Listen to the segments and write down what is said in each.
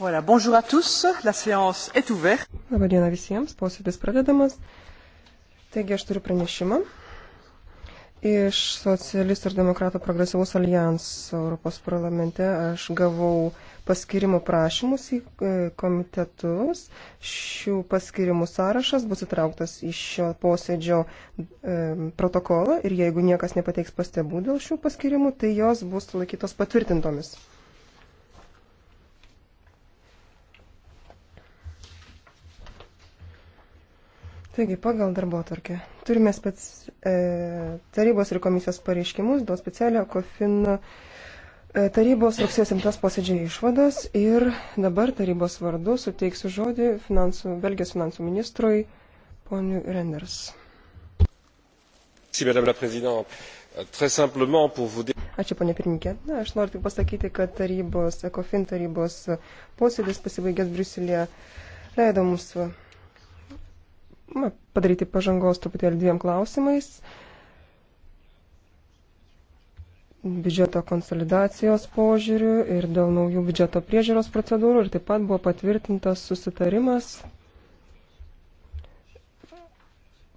Voilà, bonjour à tous, la séance est ouverte. Labadiena visiems, posėdis pradedamas. Taigi aš turiu pranešimą. Iš Socialistų ir Demokratų progresyvus alijanso Europos parlamente aš gavau paskirimų prašymus į e, komitetus. Šių paskirimų sąrašas bus įtrauktas į šio posėdžio e, protokolą ir jeigu niekas nepateiks pastebų dėl šių paskirimų, tai jos bus laikytos patvirtintomis. Taigi, pagal darbo tvarkę. Turime spec, e, tarybos ir komisijos pareiškimus dėl specialio COFIN e, tarybos rugsėjo 7 posėdžiai išvadas ir dabar tarybos vardu suteiksiu žodį finansų, Belgijos finansų ministrui poniu Renders. Ačiū, ponė pirmininkė. Na, aš noriu tik pasakyti, kad tarybos, ECOFIN tarybos posėdis pasibaigęs Briuselėje leido mums na, padaryti pažangos truputėlį dviem klausimais. Biudžeto konsolidacijos požiūrių ir dėl naujų biudžeto priežiūros procedūrų ir taip pat buvo patvirtintas susitarimas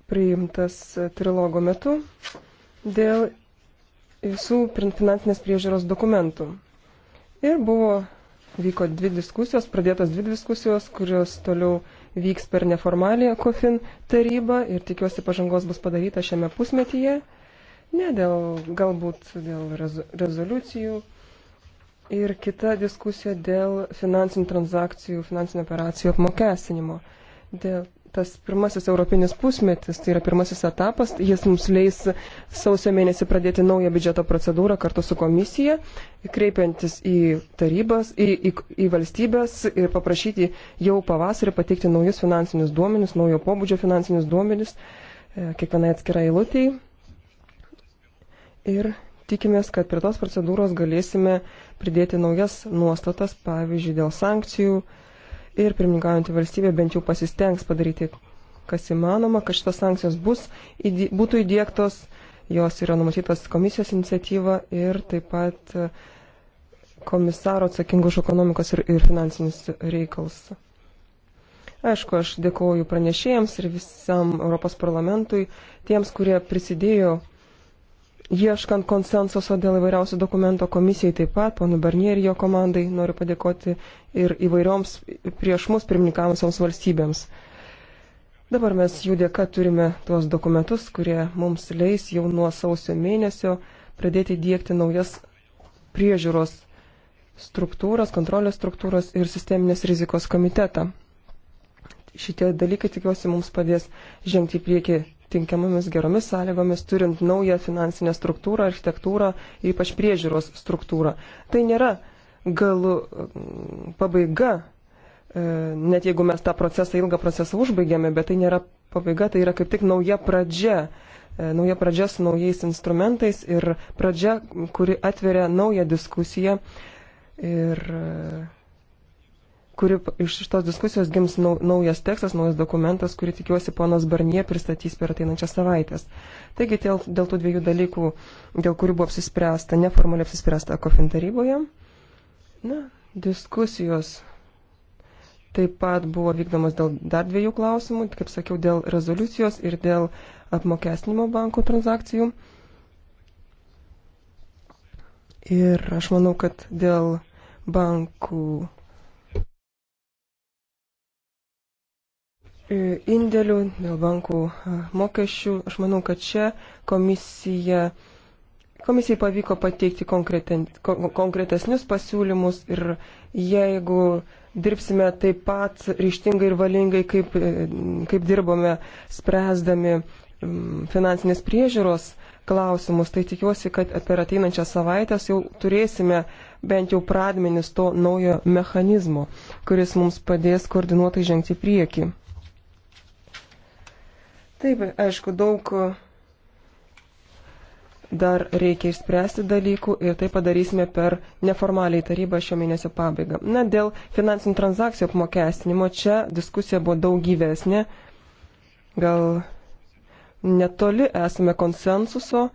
priimtas trilogo metu dėl visų finansinės priežiūros dokumentų. Ir buvo, vyko dvi diskusijos, pradėtos dvi diskusijos, kurios toliau vyks per neformalią COFIN tarybą ir tikiuosi pažangos bus padaryta šiame pusmetyje. Ne dėl, galbūt dėl rezoliucijų. Ir kita diskusija dėl finansinių transakcijų, finansinių operacijų apmokestinimo. Dėl tas pirmasis europinis pusmetis, tai yra pirmasis etapas, jis mums leis sausio mėnesį pradėti naują biudžeto procedūrą kartu su komisija, kreipiantis į tarybas, į, į, į valstybės ir paprašyti jau pavasarį pateikti naujus finansinius duomenis, naujo pobūdžio finansinius duomenis e, kiekvienai atskirai eilutėjai. Ir tikimės, kad prie tos procedūros galėsime pridėti naujas nuostatas, pavyzdžiui, dėl sankcijų ir pirmininkaujantį valstybę bent jau pasistengs padaryti, kas įmanoma, kad šitos sankcijos bus, įdė, būtų įdėktos, jos yra numatytos komisijos iniciatyva ir taip pat e, komisaro atsakingų už ekonomikos ir, ir finansinius reikalus. Aišku, aš dėkoju pranešėjams ir visam Europos parlamentui, tiems, kurie prisidėjo ieškant konsensuso dėl įvairiausių dokumento komisijai taip pat, ponu Barnier ir jo komandai noriu padėkoti ir įvairioms prieš mus pirmininkavusioms valstybėms. Dabar mes jų dėka turime tuos dokumentus, kurie mums leis jau nuo sausio mėnesio pradėti dėkti naujas priežiūros struktūras, kontrolės struktūras ir sisteminės rizikos komitetą. Šitie dalykai, tikiuosi, mums padės žengti į priekį tinkiamomis geromis sąlygomis, turint naują finansinę struktūrą, architektūrą, ypač priežiūros struktūrą. Tai nėra galų mm, pabaiga, e, net jeigu mes tą procesą, ilgą procesą užbaigėme, bet tai nėra pabaiga, tai yra kaip tik nauja pradžia. E, nauja pradžia su naujais instrumentais ir pradžia, kuri atveria naują diskusiją. Ir e, kuri iš šitos diskusijos gims naujas tekstas, naujas dokumentas, kurį tikiuosi ponas Barnie pristatys per ateinančias savaitės. Taigi dėl, dėl tų dviejų dalykų, dėl kurių buvo apsispręsta, neformaliai apsispręsta kofin taryboje, na, diskusijos taip pat buvo vykdomas dėl dar dviejų klausimų, kaip sakiau, dėl rezoliucijos ir dėl apmokestinimo banko transakcijų. Ir aš manau, kad dėl bankų indėlių, dėl bankų mokesčių. Aš manau, kad čia komisija, komisijai pavyko pateikti konkretesnius pasiūlymus ir jeigu dirbsime taip pat ryštingai ir valingai, kaip, e, kaip dirbome spręsdami finansinės priežiūros klausimus, tai tikiuosi, kad per ateinančią savaitę jau turėsime bent jau pradmenis to naujo mechanizmo, kuris mums padės koordinuotai žengti prieki. Taip, aišku, daug dar reikia išspręsti dalykų ir tai padarysime per neformaliai tarybą šio mėnesio pabaigą. Na, dėl finansinių transakcijų apmokestinimo čia diskusija buvo daug gyvesnė. Gal netoli esame konsensuso,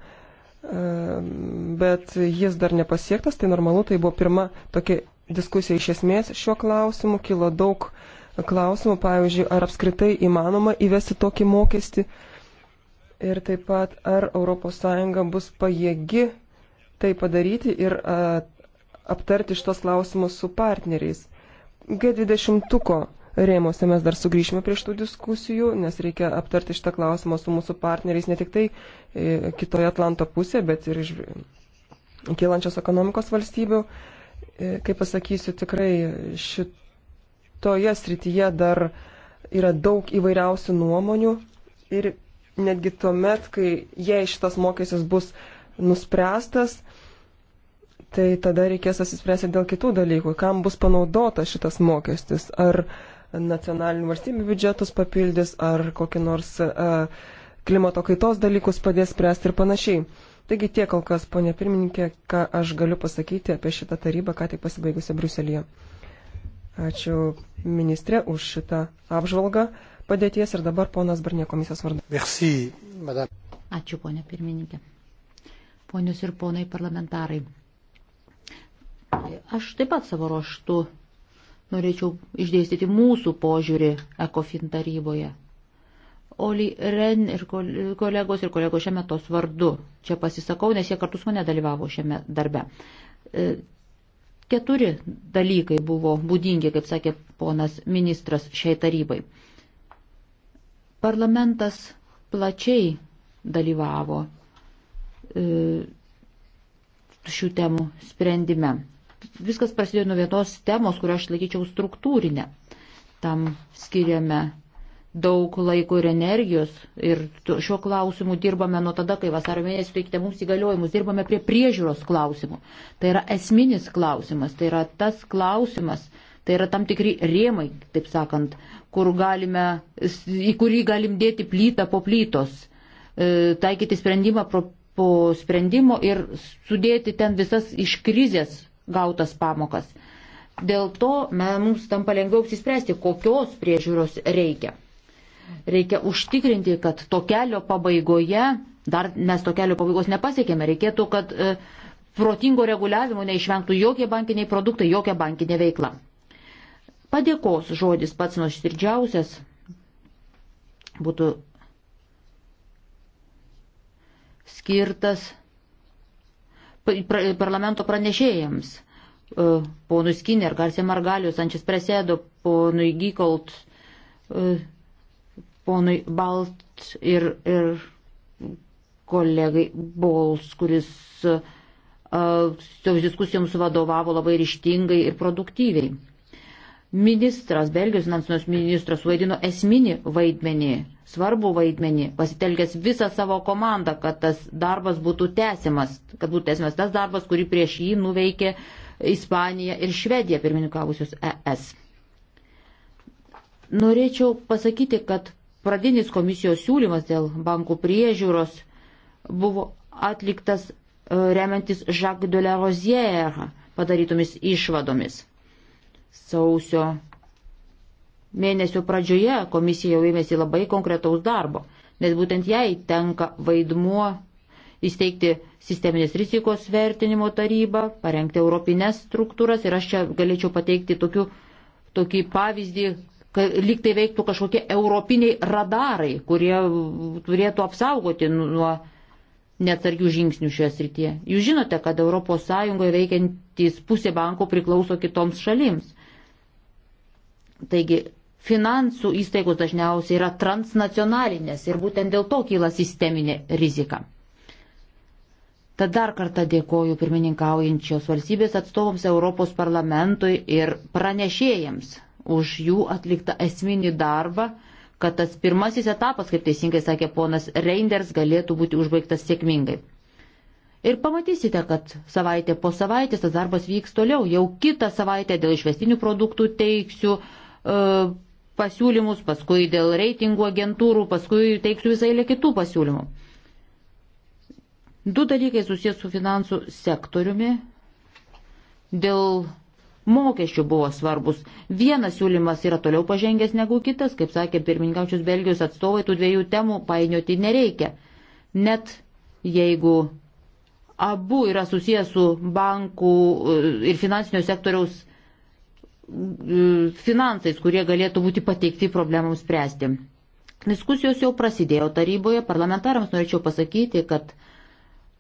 bet jis dar nepasiektas, tai normalu, tai buvo pirma tokia diskusija iš esmės šiuo klausimu, kilo daug uh, klausimų, pavyzdžiui, ar apskritai įmanoma įvesti tokį mokestį ir taip pat ar ES bus pajėgi tai padaryti ir a, aptarti šitos klausimus su partneriais. G20 rėmose mes dar sugrįšime prie šitų diskusijų, nes reikia aptarti šitą klausimą su mūsų partneriais ne tik tai e, kitoje Atlanto pusėje, bet ir iš kylančios ekonomikos valstybių. E, kaip pasakysiu, tikrai šit toje srityje dar yra daug įvairiausių nuomonių ir netgi tuo met, kai jei šitas mokestis bus nuspręstas, tai tada reikės atsispręsti dėl kitų dalykų, kam bus panaudotas šitas mokestis, ar nacionalinių valstybių biudžetus papildys, ar kokį nors uh, klimato kaitos dalykus padės spręsti ir panašiai. Taigi tiek kol kas, ponė pirmininkė, ką aš galiu pasakyti apie šitą tarybą, ką tik pasibaigusią Bruselėje. Ačiū ministrė už šitą apžvalgą padėties ir dabar ponas Barnė komisijos vardu. Merci, madame. Ačiū, ponė pirmininkė. Ponius ir ponai parlamentarai. Aš taip pat savo ruoštų norėčiau išdėstyti mūsų požiūrį ECOFIN taryboje. Oli Ren ir kolegos ir kolegos šiame tos vardu. Čia pasisakau, nes jie kartu su mane dalyvavo šiame darbe. E, Keturi dalykai buvo būdingi, kaip sakė ponas ministras šiai tarybai. Parlamentas plačiai dalyvavo e, šių temų sprendime. Viskas prasidėjo nuo vienos temos, kurią aš laikyčiau struktūrinę. Tam skiriame daug laiko ir energijos ir šiuo klausimu dirbame nuo tada, kai vasaro mėnesį teikite mums įgaliojimus, dirbame prie priežiūros klausimų. Tai yra esminis klausimas, tai yra tas klausimas, tai yra tam tikri rėmai, taip sakant, kur galime, į kurį galim dėti plytą po plytos, e, taikyti sprendimą po sprendimo ir sudėti ten visas iš krizės gautas pamokas. Dėl to mums tampa lengviau apsispręsti, kokios priežiūros reikia. Reikia užtikrinti, kad to kelio pabaigoje, dar mes to kelio pabaigos nepasiekėme, reikėtų, kad e, protingo reguliavimo neišvengtų jokie bankiniai produktai, jokia bankinė veikla. Padėkos žodis pats nuoširdžiausias būtų skirtas parlamento pranešėjams, e, ponui Skinner, Garsė Margalius, Ančias Presėdo, ponui Gykolt, ponui Balt ir, ir kolegai Bols, kuris uh, toms diskusijoms vadovavo labai ryštingai ir produktyviai. Ministras, Belgijos finansinos ministras vaidino esminį vaidmenį, svarbų vaidmenį, pasitelkęs visą savo komandą, kad tas darbas būtų tęsiamas, kad būtų tęsiamas tas darbas, kurį prieš jį nuveikė Ispanija ir Švedija pirmininkavusios ES. Norėčiau pasakyti, kad pradinis komisijos siūlymas dėl bankų priežiūros buvo atliktas e, remiantis Jacques de la Rosière padarytomis išvadomis. Sausio mėnesio pradžioje komisija jau ėmėsi labai konkretaus darbo, nes būtent jai tenka vaidmuo įsteigti sisteminės rizikos vertinimo tarybą, parengti europinės struktūras ir aš čia galėčiau pateikti tokiu, tokį pavyzdį, kad lyg tai veiktų kažkokie europiniai radarai, kurie turėtų apsaugoti nu, nuo neatsargių žingsnių šioje srityje. Jūs žinote, kad ES veikiantys pusė bankų priklauso kitoms šalims. Taigi finansų įstaigos dažniausiai yra transnacionalinės ir būtent dėl to kyla sisteminė rizika. Tad dar kartą dėkoju pirmininkaujančios valstybės atstovams Europos parlamentui ir pranešėjams už jų atliktą esminį darbą, kad tas pirmasis etapas, kaip teisingai sakė ponas Reinders, galėtų būti užbaigtas sėkmingai. Ir pamatysite, kad savaitė po savaitės tas darbas vyks toliau. Jau kitą savaitę dėl išvestinių produktų teiksiu e, pasiūlymus, paskui dėl reitingų agentūrų, paskui teiksiu visai lė kitų pasiūlymų. Du dalykai susijęs su finansų sektoriumi. Dėl mokesčių buvo svarbus. Vienas siūlymas yra toliau pažengęs negu kitas, kaip sakė pirmininkaučius Belgijos atstovai, tų dviejų temų painioti nereikia. Net jeigu abu yra susijęs su bankų e, ir finansinio sektoriaus e, finansais, kurie galėtų būti pateikti problemams spręsti. Diskusijos jau prasidėjo taryboje, parlamentarams norėčiau pasakyti, kad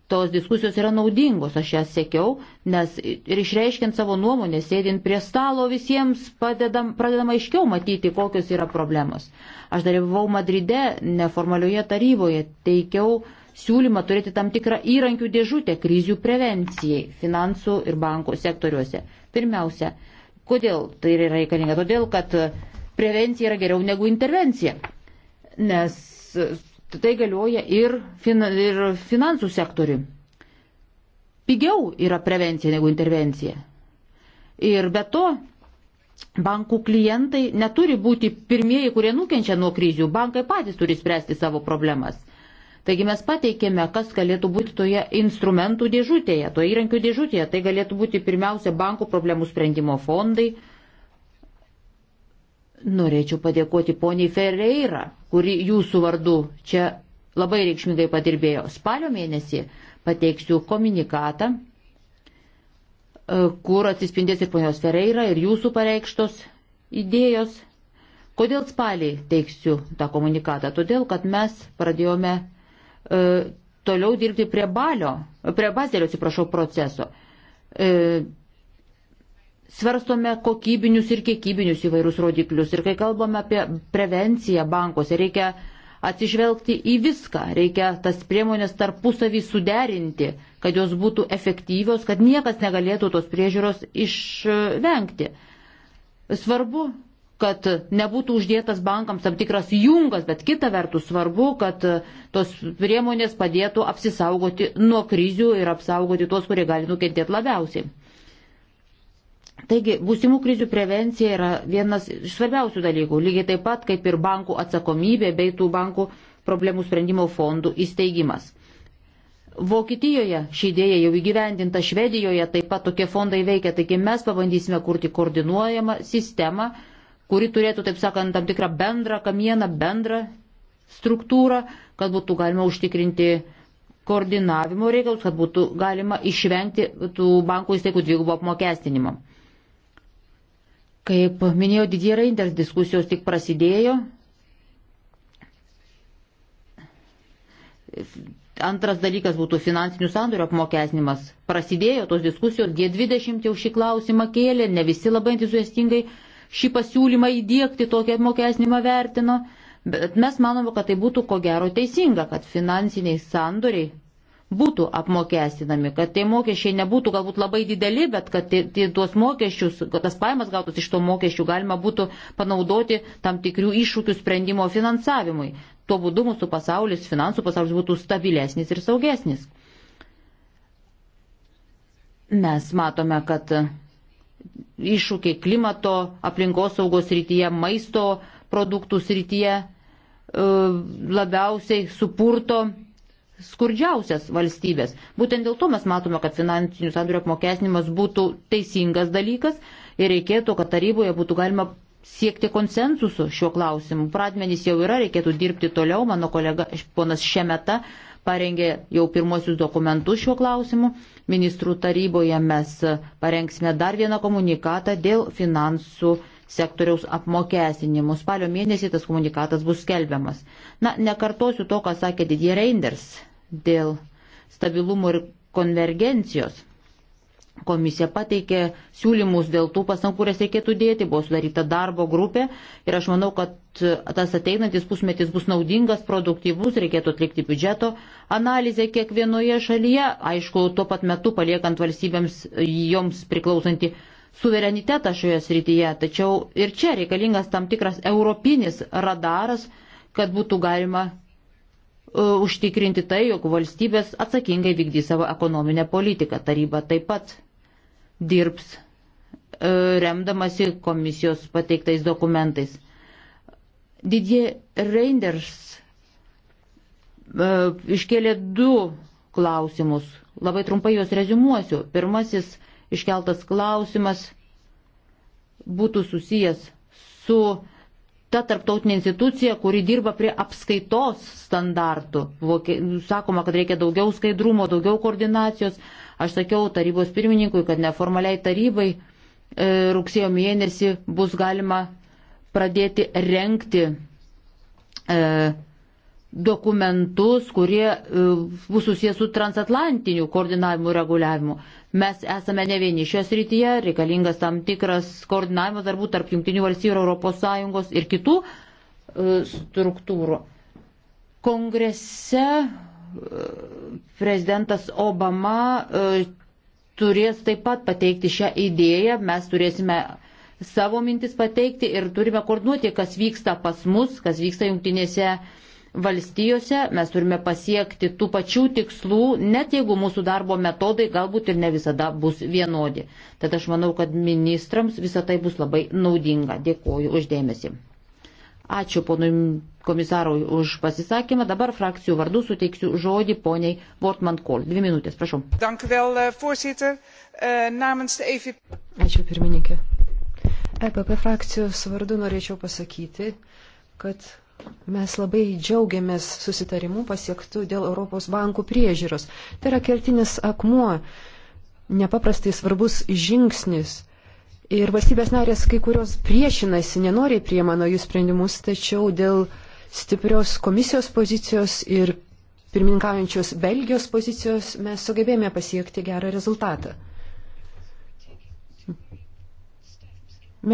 tos diskusijos yra naudingos, aš jas sėkiau, nes ir išreiškiant savo nuomonę, sėdint prie stalo visiems padedam, pradedama aiškiau matyti, kokios yra problemos. Aš dalyvavau Madride neformalioje taryboje, teikiau siūlymą turėti tam tikrą įrankių dėžutę krizių prevencijai finansų ir bankų sektoriuose. Pirmiausia, kodėl tai yra reikalinga? Todėl, kad prevencija yra geriau negu intervencija. Nes tai galioja ir, fin, ir finansų sektoriui. Pigiau yra prevencija negu intervencija. Ir be to, bankų klientai neturi būti pirmieji, kurie nukenčia nuo krizių. Bankai patys turi spręsti savo problemas. Taigi mes pateikėme, kas galėtų būti toje instrumentų dėžutėje, toje įrankių dėžutėje. Tai galėtų būti pirmiausia bankų problemų sprendimo fondai, Norėčiau padėkoti poniai Ferreira, kuri jūsų vardu čia labai reikšmingai padirbėjo. Spalio mėnesį pateiksiu komunikatą, e, kur atsispindės ir ponios Ferreira, ir jūsų pareikštos idėjos. Kodėl spalį teiksiu tą komunikatą? Todėl, kad mes pradėjome e, toliau dirbti prie balio, prie bazelio, atsiprašau, proceso. E, svarstome kokybinius ir kiekybinius įvairius rodiklius. Ir kai kalbame apie prevenciją bankuose, reikia atsižvelgti į viską, reikia tas priemonės tarpusavį suderinti, kad jos būtų efektyvios, kad niekas negalėtų tos priežiūros išvengti. Svarbu, kad nebūtų uždėtas bankams tam tikras jungas, bet kita vertus svarbu, kad tos priemonės padėtų apsisaugoti nuo krizių ir apsaugoti tuos, kurie gali nukentėti labiausiai. Taigi, būsimų krizių prevencija yra vienas iš svarbiausių dalykų, lygiai taip pat kaip ir bankų atsakomybė bei tų bankų problemų sprendimo fondų įsteigimas. Vokietijoje ši idėja jau įgyvendinta, Švedijoje taip pat tokie fondai veikia, taigi mes pabandysime kurti koordinuojamą sistemą, kuri turėtų, taip sakant, tam tikrą bendrą kamieną, bendrą struktūrą, kad būtų galima užtikrinti koordinavimo reikalus, kad būtų galima išvengti tų bankų įsteigų dvigubo apmokestinimo. Kaip minėjau, didieji rainders diskusijos tik prasidėjo. Antras dalykas būtų finansinių sandorių apmokesnimas. Prasidėjo tos diskusijos, G20 jau šį klausimą kėlė, ne visi labai entuziastingai šį pasiūlymą įdėkti, tokį apmokesnimą vertino, bet mes manome, kad tai būtų ko gero teisinga, kad finansiniai sandoriai būtų apmokestinami, kad tie mokesčiai nebūtų galbūt labai dideli, bet kad tie, tie, tuos mokesčius, kad tas paimas gautas iš to mokesčių galima būtų panaudoti tam tikrių iššūkių sprendimo finansavimui. Tuo būdu mūsų pasaulis, finansų pasaulis būtų stabilesnis ir saugesnis. Mes matome, kad iššūkiai klimato, aplinkos saugos rytyje, maisto produktų srityje e, labiausiai supurto skurdžiausias valstybės. Būtent dėl to mes matome, kad finansinių sandorių apmokesnimas būtų teisingas dalykas ir reikėtų, kad taryboje būtų galima siekti konsensusų šiuo klausimu. Pradmenys jau yra, reikėtų dirbti toliau. Mano kolega ponas Šemeta parengė jau pirmosius dokumentus šiuo klausimu. Ministrų taryboje mes parengsime dar vieną komunikatą dėl finansų sektoriaus apmokestinimų. Spalio mėnesį tas komunikatas bus skelbiamas. Na, nekartosiu to, ką sakė Didier Reinders dėl stabilumo ir konvergencijos. Komisija pateikė siūlymus dėl tų pastangų, kurias reikėtų dėti, buvo sudaryta darbo grupė ir aš manau, kad tas ateinantis pusmetis bus naudingas, produktyvus, reikėtų atlikti biudžeto analizę kiekvienoje šalyje, aišku, tuo pat metu paliekant valstybėms joms priklausantį suverenitetą šioje srityje, tačiau ir čia reikalingas tam tikras europinis radaras, kad būtų galima E, užtikrinti tai, jog valstybės atsakingai vykdys savo ekonominę politiką. Taryba taip pat dirbs e, remdamasi komisijos pateiktais dokumentais. Didie Reinders e, iškėlė du klausimus. Labai trumpai juos rezumuosiu. Pirmasis iškeltas klausimas būtų susijęs su ta tarptautinė institucija, kuri dirba prie apskaitos standartų. Sakoma, kad reikia daugiau skaidrumo, daugiau koordinacijos. Aš sakiau tarybos pirmininkui, kad neformaliai tarybai e, rugsėjo mėnesį bus galima pradėti renkti e, dokumentus, kurie e, bus susijęs su transatlantiniu koordinavimu reguliavimu. Mes esame ne vieni šioje srityje, reikalingas tam tikras koordinavimas darbų tarp Junktinių valstybių ir ES ir kitų e, struktūrų. Kongrese e, prezidentas Obama turės taip pat pateikti šią idėją, mes turėsime savo mintis pateikti ir turime koordinuoti, kas vyksta pas mus, kas vyksta jungtinėse uh, valstijose mes turime pasiekti tų pačių tikslų, net jeigu mūsų darbo metodai galbūt ir ne visada bus vienodi. Tad aš manau, kad ministrams visą tai bus labai naudinga. Dėkuoju uždėmesi. Ačiū ponui komisarui už pasisakymą. Dabar frakcijų vardu suteiksiu žodį poniai Wortman Kol. Dvi minutės, prašau. Eh, eh, e Ačiū pirmininkė. EPP frakcijos vardu norėčiau pasakyti, kad Mes labai džiaugiamės susitarimu pasiektų dėl Europos bankų priežiūros. Tai yra kertinis akmuo, nepaprastai svarbus žingsnis. Ir valstybės narės kai kurios priešinasi, nenoriai priema naujus sprendimus, tačiau dėl stiprios komisijos pozicijos ir pirmininkaujančios Belgijos pozicijos mes sugebėjome pasiekti gerą rezultatą.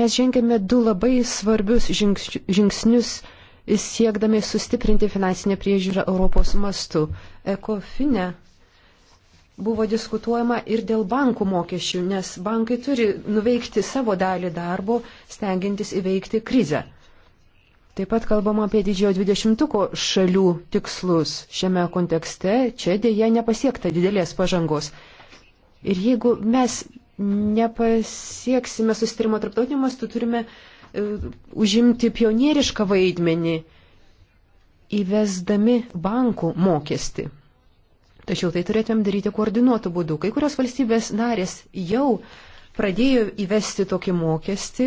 Mes žengėme du labai svarbius žingsnius siekdami sustiprinti finansinę priežiūrą Europos mastu. Ekofine buvo diskutuojama ir dėl bankų mokesčių, nes bankai turi nuveikti savo dalį darbo, stengiantis įveikti krizę. Taip pat kalbama apie didžiojo dvidešimtuko šalių tikslus. Šiame kontekste čia dėja nepasiekta didelės pažangos. Ir jeigu mes nepasieksime sustarimo tarptautiniu mastu, turime uh, užimti pionierišką vaidmenį įvesdami bankų mokestį. Tačiau tai turėtumėm daryti koordinuotų būdų. Kai kurios valstybės narės jau pradėjo įvesti tokį mokestį,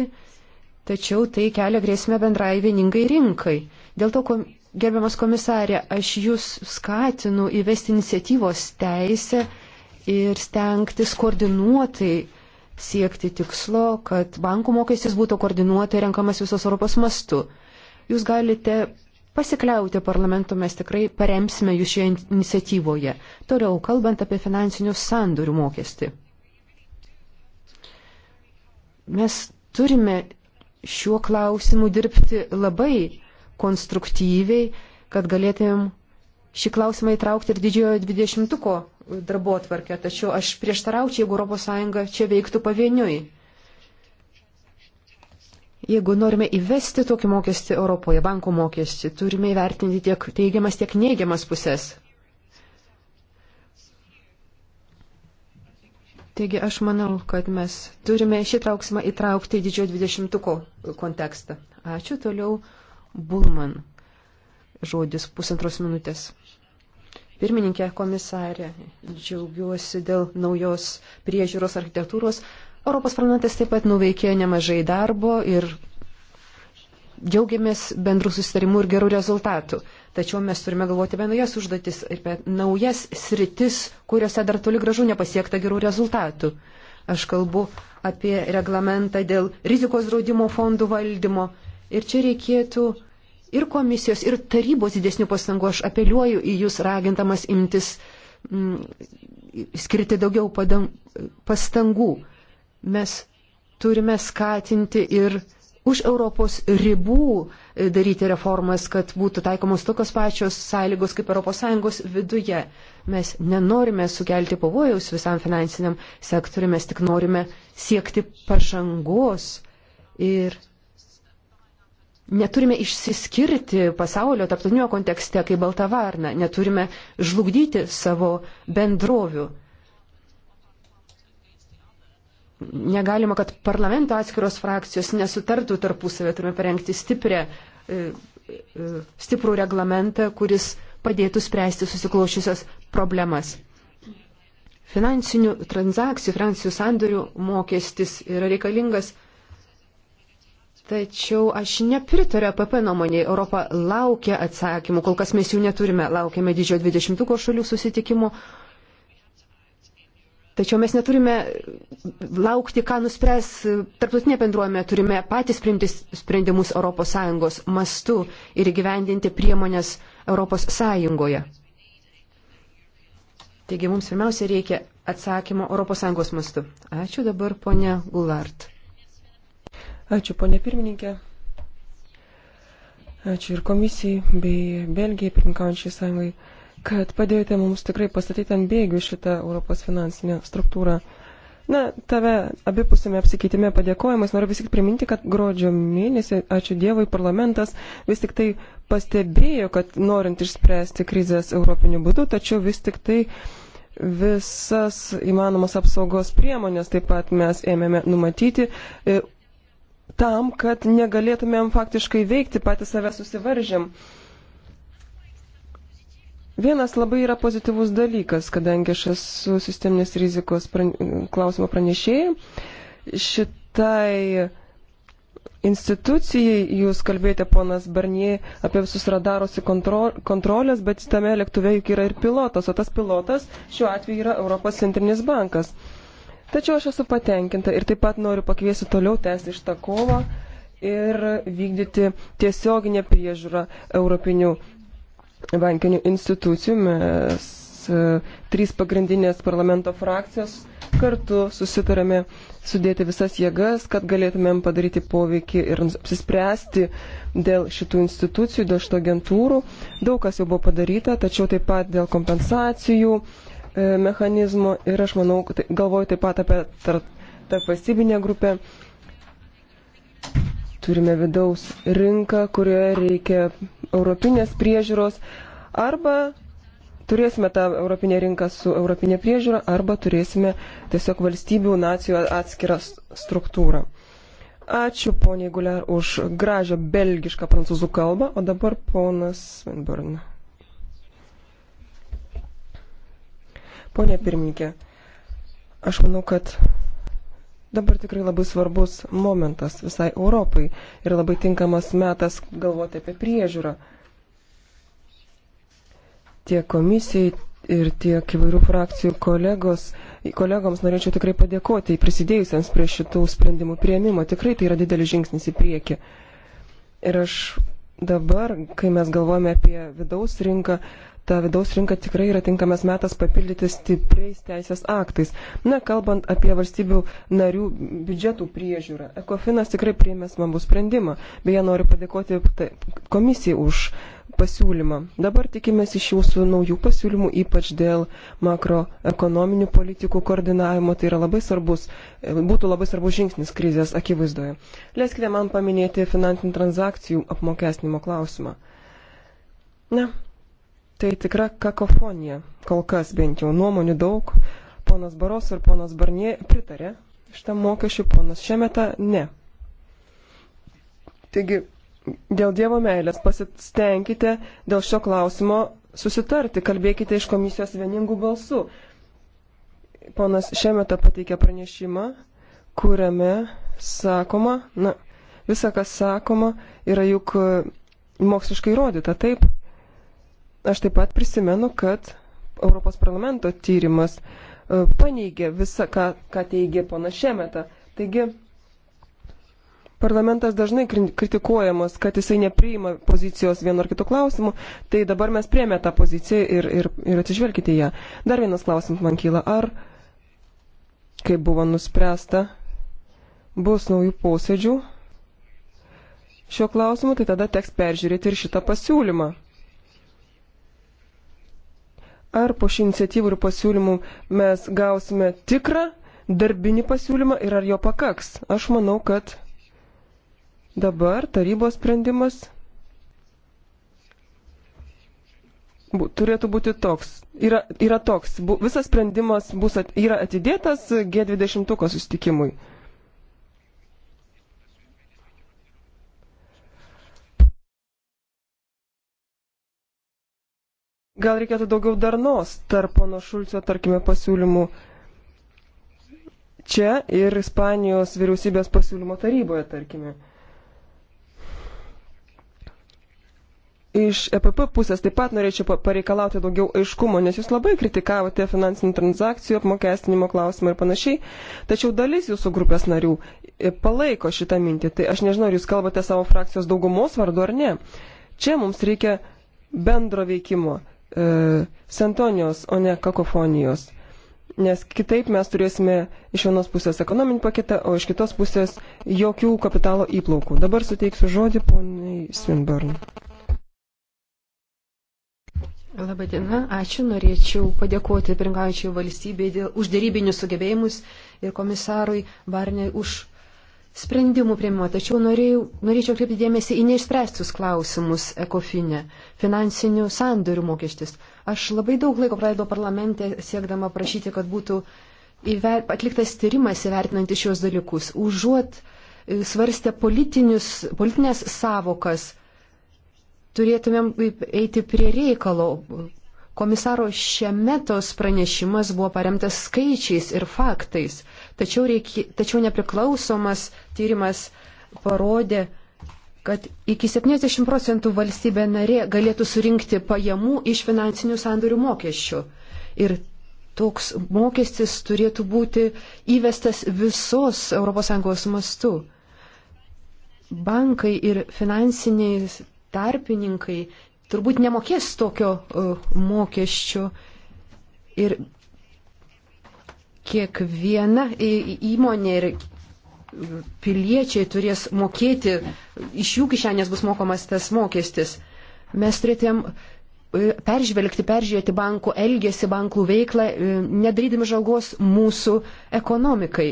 tačiau tai kelia grėsmę bendrai vieningai rinkai. Dėl to, kom, gerbiamas komisarė, aš jūs skatinu įvesti iniciatyvos teisę ir stengtis koordinuotai siekti tikslo, kad bankų mokestis būtų koordinuotai renkamas visos Europos mastu. Jūs galite pasikliauti parlamentu, mes tikrai paremsime jūs šioje iniciatyvoje. Toliau, kalbant apie finansinių sandorių mokestį. Mes turime šiuo klausimu dirbti labai konstruktyviai, kad galėtumėm šį klausimą įtraukti ir didžiojo dvidešimtuko darbo atvarkę, tačiau aš prieštaraučiau, jeigu ES čia veiktų pavieniui. Jeigu norime įvesti tokį mokestį Europoje, bankų mokestį, turime įvertinti tiek teigiamas, tiek neigiamas pusės. Taigi aš manau, kad mes turime šį trauksmą įtraukti į didžiojo dvidešimtuko kontekstą. Ačiū toliau. Bulman. Žodis pusantros minutės. Pirmininkė komisarė, džiaugiuosi dėl naujos priežiūros architektūros. Europos parlamentas taip pat nuveikė nemažai darbo ir džiaugiamės bendrų susitarimų ir gerų rezultatų. Tačiau mes turime galvoti apie naujas užduotis ir apie naujas sritis, kuriuose dar toli gražu nepasiekta gerų rezultatų. Aš kalbu apie reglamentą dėl rizikos draudimo fondų valdymo. Ir čia reikėtų ir komisijos, ir tarybos didesnių pastangų. Aš apeliuoju į jūs ragintamas imtis, m, mm, skirti daugiau padang, pastangų. Mes turime skatinti ir už Europos ribų e, daryti reformas, kad būtų taikomos tokios pačios sąlygos kaip ES viduje. Mes nenorime sukelti pavojaus visam finansiniam sektoriu, mes tik norime siekti pažangos ir Neturime išsiskirti pasaulio tarptautinio kontekste kaip balta varna, neturime žlugdyti savo bendrovių. Negalima, kad parlamento atskiros frakcijos nesutartų tarpusavę, turime parengti stiprią, e, e, stiprų reglamentą, kuris padėtų spręsti susiklaušusios problemas. Finansinių transakcijų, finansinių sandorių mokestis yra reikalingas Tačiau aš nepritariu PP nuomonėje. Europa laukia atsakymų, kol kas mes jų neturime. Laukiame didžiojo 20-ko šalių susitikimų. Tačiau mes neturime laukti, ką nuspręs tarptautinė bendruomenė. Turime patys priimti sprendimus ES mastu ir įgyvendinti priemonės ES. Taigi mums pirmiausia reikia atsakymo ES mastu. Ačiū dabar, ponia Gulart. Ačiū, ponė pirmininkė. Ačiū ir komisijai bei Belgijai, pirmininkaujančiai sąjungai, kad padėjote mums tikrai pastatyti ant bėgių šitą Europos finansinę struktūrą. Na, tave abipusėme apsikeitime padėkojimas. Noriu vis tik priminti, kad gruodžio mėnesį, ačiū Dievui, parlamentas vis tik tai pastebėjo, kad norint išspręsti krizės europiniu būdu, tačiau vis tik tai visas įmanomas apsaugos priemonės taip pat mes ėmėme numatyti, e, tam, kad negalėtumėm faktiškai veikti, patys save susivaržėm. Vienas labai yra pozityvus dalykas, kadangi aš esu sisteminės rizikos pran... klausimo pranešėja. Šitai institucijai jūs kalbėjote, ponas Barnie, apie visus radarus ir kontrol... kontrolės, bet tame lėktuve juk yra ir pilotas, o tas pilotas šiuo atveju yra Europos centrinis bankas. Tačiau aš esu patenkinta ir taip pat noriu pakviesti toliau tęsti šitą kovą ir vykdyti tiesioginę priežiūrą europinių bankinių institucijų. Mes e, trys pagrindinės parlamento frakcijos kartu susitarėme sudėti visas jėgas, kad galėtumėm padaryti poveikį ir apsispręsti dėl šitų institucijų, dėl šito agentūrų. Daug kas jau buvo padaryta, tačiau taip pat dėl kompensacijų, E, mechanizmų ir aš manau, tai- galvoju taip pat apie tarpvalstybinę grupę. Turime vidaus rinką, kurioje reikia europinės priežiūros arba turėsime tą europinę rinką su europinė priežiūra arba turėsime tiesiog valstybių, nacijų atskirą struktūrą. Ačiū poniai Guler už gražią belgišką prancūzų kalbą, o dabar ponas Svenburn. Pone pirmininkė, aš manau, kad dabar tikrai labai svarbus momentas visai Europai ir labai tinkamas metas galvoti apie priežiūrą. Tiek komisijai ir tiek įvairių frakcijų kolegos, kolegoms norėčiau tikrai padėkoti prisidėjusiems prie šitų sprendimų prieimimo. Tikrai tai yra didelis žingsnis į priekį. Ir aš dabar, kai mes galvojame apie vidaus rinką, ta vidaus rinka tikrai yra tinkamas metas papildyti stipriais teisės aktais. Na, kalbant apie valstybių narių biudžetų priežiūrą, Ekofinas tikrai priėmė smambų sprendimą. Beje, noriu padėkoti komisijai už pasiūlymą. Dabar tikimės iš jūsų naujų pasiūlymų, ypač dėl makroekonominių politikų koordinavimo. Tai yra labai svarbus, būtų labai svarbus žingsnis krizės akivaizdoje. Leiskite man paminėti finansinių transakcijų apmokestinimo klausimą. Na, Tai tikra kakofonija, kol kas bent jau nuomonių daug. Ponas Baros ir ponas Barnie pritarė šitam mokesčiui, ponas Šemeta ne. Taigi, dėl Dievo meilės pasistengkite dėl šio klausimo susitarti, kalbėkite iš komisijos vieningų balsų. Ponas Šemeta pateikė pranešimą, kuriame sakoma, na, visa, kas sakoma, yra juk moksliškai įrodyta, taip, Aš taip pat prisimenu, kad Europos parlamento tyrimas e, paneigė visą, ką, ką teigė pana Šemeta. Taigi, parlamentas dažnai kritikuojamas, kad jisai nepriima pozicijos vienu ar kitu klausimu, tai dabar mes priemė tą poziciją ir, ir, ir atsižvelgite į ją. Dar vienas klausimas man kyla, ar, kaip buvo nuspręsta, bus naujų posėdžių šiuo klausimu, tai tada teks peržiūrėti ir šitą pasiūlymą ar po šių iniciatyvų ir pasiūlymų mes gausime tikrą darbinį pasiūlymą ir ar jo pakaks. Aš manau, kad dabar tarybos sprendimas turėtų būti toks. Yra, yra toks. Bu, visas sprendimas bus at, yra atidėtas G20 susitikimui. Gal reikėtų daugiau darnos tarp pono Šulcio, tarkime, pasiūlymų čia ir Ispanijos vyriausybės pasiūlymo taryboje, tarkime. Iš EPP pusės taip pat norėčiau pareikalauti daugiau aiškumo, nes jūs labai kritikavote finansinių transakcijų, apmokestinimo klausimą ir panašiai, tačiau dalis jūsų grupės narių e, palaiko šitą mintį. Tai aš nežinau, ar jūs kalbate savo frakcijos daugumos vardu ar ne. Čia mums reikia bendro veikimo e, sentonijos, o ne kakofonijos. Nes kitaip mes turėsime iš vienos pusės ekonominį paketą, o iš kitos pusės jokių kapitalo įplaukų. Dabar suteiksiu žodį poniai Swinburne. Labadiena, ačiū. Norėčiau padėkoti pirmaujančiai valstybei dėl uždarybinius sugebėjimus ir komisarui Barniai už sprendimų prieimimo, tačiau norėjau, norėčiau kreipti dėmesį į neišspręstus klausimus ekofinė - finansinių sandorių mokestis. Aš labai daug laiko praleidau parlamente siekdama prašyti, kad būtų įver, atliktas tyrimas įvertinantis šios dalykus, užuot e, svarstę politinės savokas, turėtumėm eiti prie reikalo. Komisaro Šemetos pranešimas buvo paremtas skaičiais ir faktais. Tačiau, reikia, tačiau nepriklausomas tyrimas parodė, kad iki 70 procentų valstybė narė galėtų surinkti pajamų iš finansinių sandorių mokesčių. Ir toks mokestis turėtų būti įvestas visos ES mastu. Bankai ir finansiniai tarpininkai turbūt nemokės tokio uh, mokesčio ir kiekviena įmonė ir piliečiai turės mokėti, iš jų kišenės bus mokomas tas mokestis. Mes turėtėm e, peržvelgti, peržiūrėti bankų elgesį, bankų veiklą, e, nedarydami žalgos mūsų ekonomikai.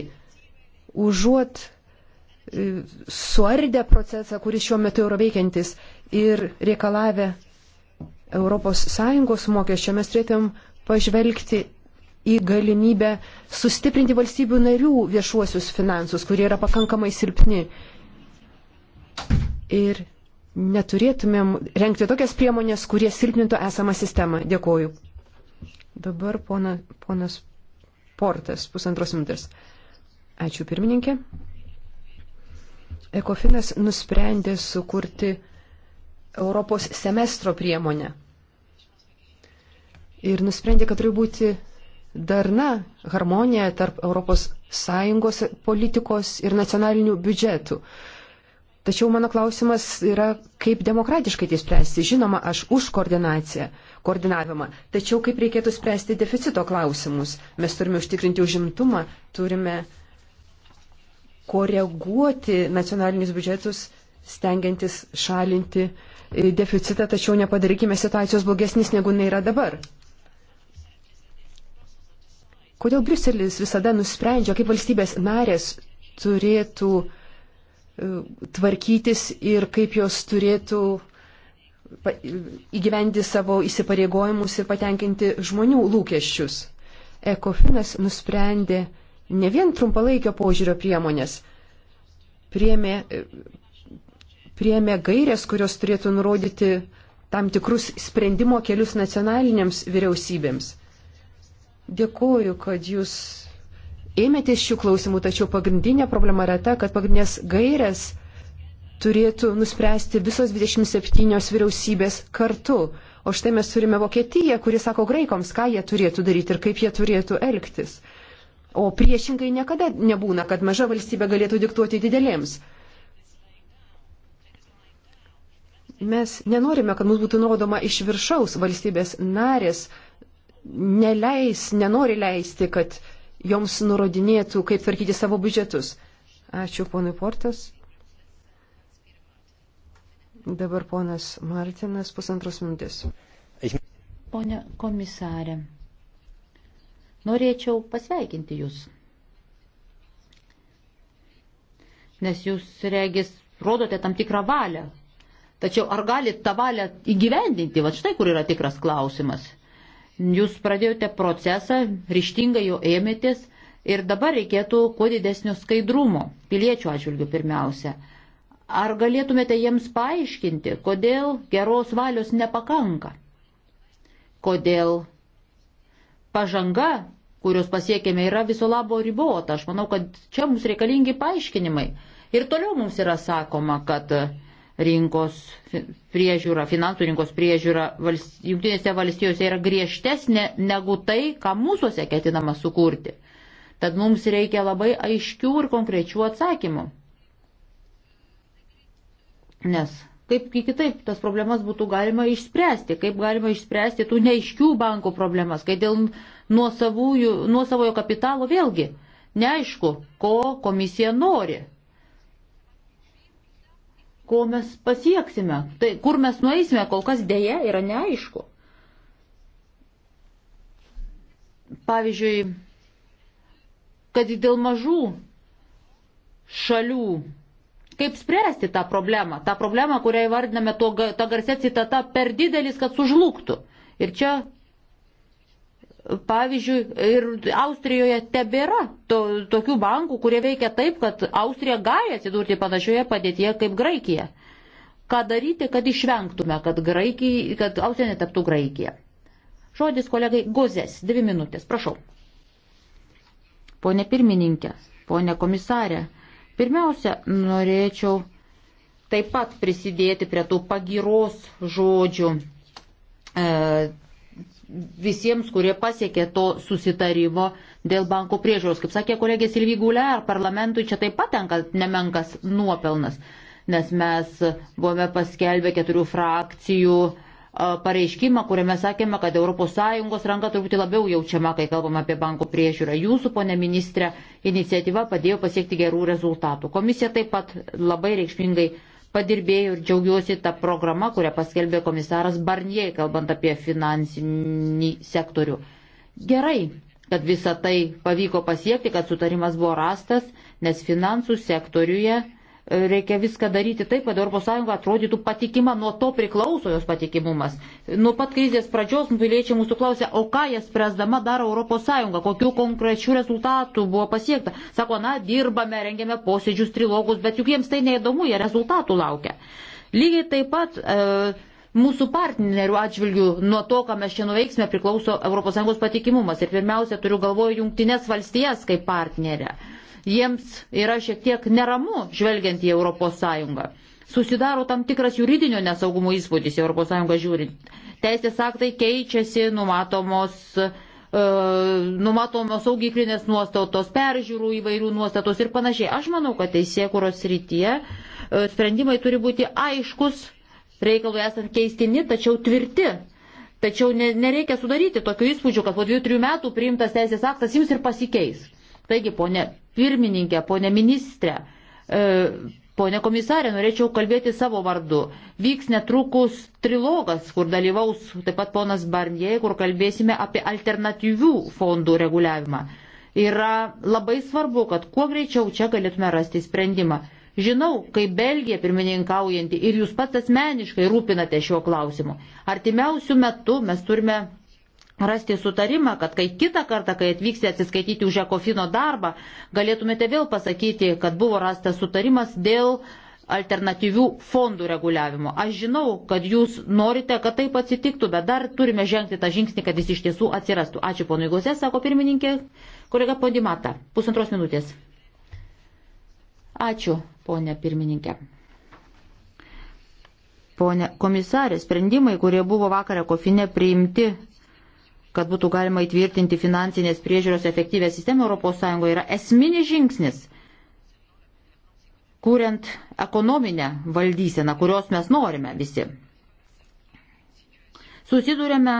Užuot e, suardę procesą, kuris šiuo metu yra veikiantis ir reikalavę ES mokesčio, mes turėtum pažvelgti į galimybę sustiprinti valstybių narių viešuosius finansus, kurie yra pakankamai silpni. Ir neturėtumėm renkti tokias priemonės, kurie silpnintų esamą sistemą. Dėkoju. Dabar pona, ponas Portas, pusantros minutės. Ačiū pirmininkė. Ekofinas nusprendė sukurti Europos semestro priemonę. Ir nusprendė, kad turi būti darna harmonija tarp ES politikos ir nacionalinių biudžetų. Tačiau mano klausimas yra, kaip demokratiškai tai spręsti. Žinoma, aš už koordinaciją, koordinavimą. Tačiau kaip reikėtų spręsti deficito klausimus. Mes turime užtikrinti užimtumą, turime koreguoti nacionalinius biudžetus, stengiantis šalinti e, deficitą, tačiau nepadarykime situacijos blogesnis, negu jinai yra dabar. Kodėl Briuselis visada nusprendžia, kaip valstybės narės turėtų e, tvarkytis ir kaip jos turėtų įgyvendi savo įsipareigojimus ir patenkinti žmonių lūkesčius. Ekofinas nusprendė ne vien trumpalaikio požiūrio priemonės, priemė, e, priemė gairės, kurios turėtų nurodyti tam tikrus sprendimo kelius nacionalinėms vyriausybėms. Dėkuoju, kad jūs ėmėtės šių klausimų, tačiau pagrindinė problema yra ta, kad pagrindinės gairės turėtų nuspręsti visos 27 vyriausybės kartu. O štai mes turime Vokietiją, kuri sako graikams, ką jie turėtų daryti ir kaip jie turėtų elgtis. O priešingai niekada nebūna, kad maža valstybė galėtų diktuoti didelėms. Mes nenorime, kad mums būtų nurodoma iš viršaus valstybės narės neleis, nenori leisti, kad joms nurodinėtų, kaip tvarkyti savo biudžetus. Ačiū, ponui Portas. Dabar ponas Martinas, pusantros minutės. Pone komisarė, norėčiau pasveikinti Jūs. Nes Jūs, regis, rodote tam tikrą valią. Tačiau ar galit tą valią įgyvendinti? Va štai kur yra tikras klausimas. Jūs pradėjote procesą, ryštingai jo ėmėtės ir dabar reikėtų kuo didesnio skaidrumo, piliečių atžvilgių pirmiausia. Ar galėtumėte jiems paaiškinti, kodėl geros valios nepakanka? Kodėl pažanga, kurios pasiekėme, yra viso labo ribota? Aš manau, kad čia mums reikalingi paaiškinimai. Ir toliau mums yra sakoma, kad uh, rinkos priežiūra, finansų rinkos priežiūra valst, jungtinėse valstijose yra griežtesnė negu tai, ką mūsųse ketinama sukurti. Tad mums reikia labai aiškių ir konkrečių atsakymų. Nes kaip kitaip tas problemas būtų galima išspręsti, kaip galima išspręsti tų neiškių bankų problemas, kai dėl nuosavojo nuo kapitalo vėlgi neaišku, ko komisija nori ko mes pasieksime, tai kur mes nueisime, kol kas dėja yra neaišku. Pavyzdžiui, kad dėl mažų šalių, kaip spręsti tą problemą, tą problemą, kurią įvardiname to, tą garsę citata, per didelis, kad sužlugtų. Ir čia Pavyzdžiui, ir Austrijoje tebėra to, tokių bankų, kurie veikia taip, kad Austrija gali atsidurti panašioje padėtyje kaip Graikija. Ką daryti, kad išvengtume, kad, Graikija, kad Austrija netaptų Graikija? Žodis kolegai Gozės, dvi minutės, prašau. Pone pirmininkė, pone komisarė, pirmiausia, norėčiau taip pat prisidėti prie tų pagiros žodžių. E, visiems, kurie pasiekė to susitarimo dėl banko priežiūros. Kaip sakė kolegė Silvygulė, ar parlamentui čia taip pat tenka nemenkas nuopelnas, nes mes buvome paskelbę keturių frakcijų pareiškimą, kuriame sakėme, kad ES ranka turbūt labiau jaučiama, kai kalbame apie banko priežiūrą. Jūsų, ponė ministrė, iniciatyva padėjo pasiekti gerų rezultatų. Komisija taip pat labai reikšmingai padirbėjo ir džiaugiuosi tą programą, kurią paskelbė komisaras Barnier, kalbant apie finansinį sektorių. Gerai, kad visą tai pavyko pasiekti, kad sutarimas buvo rastas, nes finansų sektoriuje Reikia viską daryti taip, kad ES atrodytų patikima, nuo to priklauso jos patikimumas. Nuo pat krizės pradžios piliečiai mūsų klausia, o ką jas spręsdama daro ES, kokiu konkrečiu rezultatu buvo pasiekta. Sako, na, dirbame, rengiame posėdžius, trilogus, bet juk jiems tai neįdomu, jie rezultatų laukia. Lygiai taip pat. E, mūsų partnerių atžvilgių nuo to, ką mes čia nuveiksime, priklauso ES patikimumas. Ir pirmiausia, turiu galvoje jungtinės valstijas kaip partnerę jiems yra šiek tiek neramu žvelgiant į ES. Susidaro tam tikras juridinio nesaugumo įspūdis į ES žiūrint. Teisės aktai keičiasi, numatomos, e, numatomos saugiklinės nuostatos, peržiūrų įvairių nuostatos ir panašiai. Aš manau, kad teisėkuros rytyje e, sprendimai turi būti aiškus, reikalui esant keistini, tačiau tvirti. Tačiau ne, nereikia sudaryti tokių įspūdžių, kad po dviejų, trijų metų priimtas teisės aktas jums ir pasikeis. Taigi, ponė pirmininkė, ponė ministrė, e, ponė komisarė, norėčiau kalbėti savo vardu. Vyks netrukus trilogas, kur dalyvaus taip pat ponas Barnie, kur kalbėsime apie alternatyvių fondų reguliavimą. Yra labai svarbu, kad kuo greičiau čia galėtume rasti sprendimą. Žinau, kai Belgija pirmininkaujanti ir jūs pats asmeniškai rūpinate šiuo klausimu. Artimiausių metų mes turime rasti sutarimą, kad kai kitą kartą, kai atvyksite atsiskaityti už ekofino darbą, galėtumėte vėl pasakyti, kad buvo rastas sutarimas dėl alternatyvių fondų reguliavimo. Aš žinau, kad jūs norite, kad taip atsitiktų, bet dar turime žengti tą žingsnį, kad jis iš tiesų atsirastų. Ačiū ponui Gozė, sako pirmininkė, kolega Podimata. Pusantros minutės. Ačiū, ponė pirmininkė. Pone komisarė, sprendimai, kurie buvo vakarą kofinė priimti kad būtų galima įtvirtinti finansinės priežiūros efektyvę sistemą ES yra esminis žingsnis, kuriant ekonominę valdyseną, kurios mes norime visi. Susidūrėme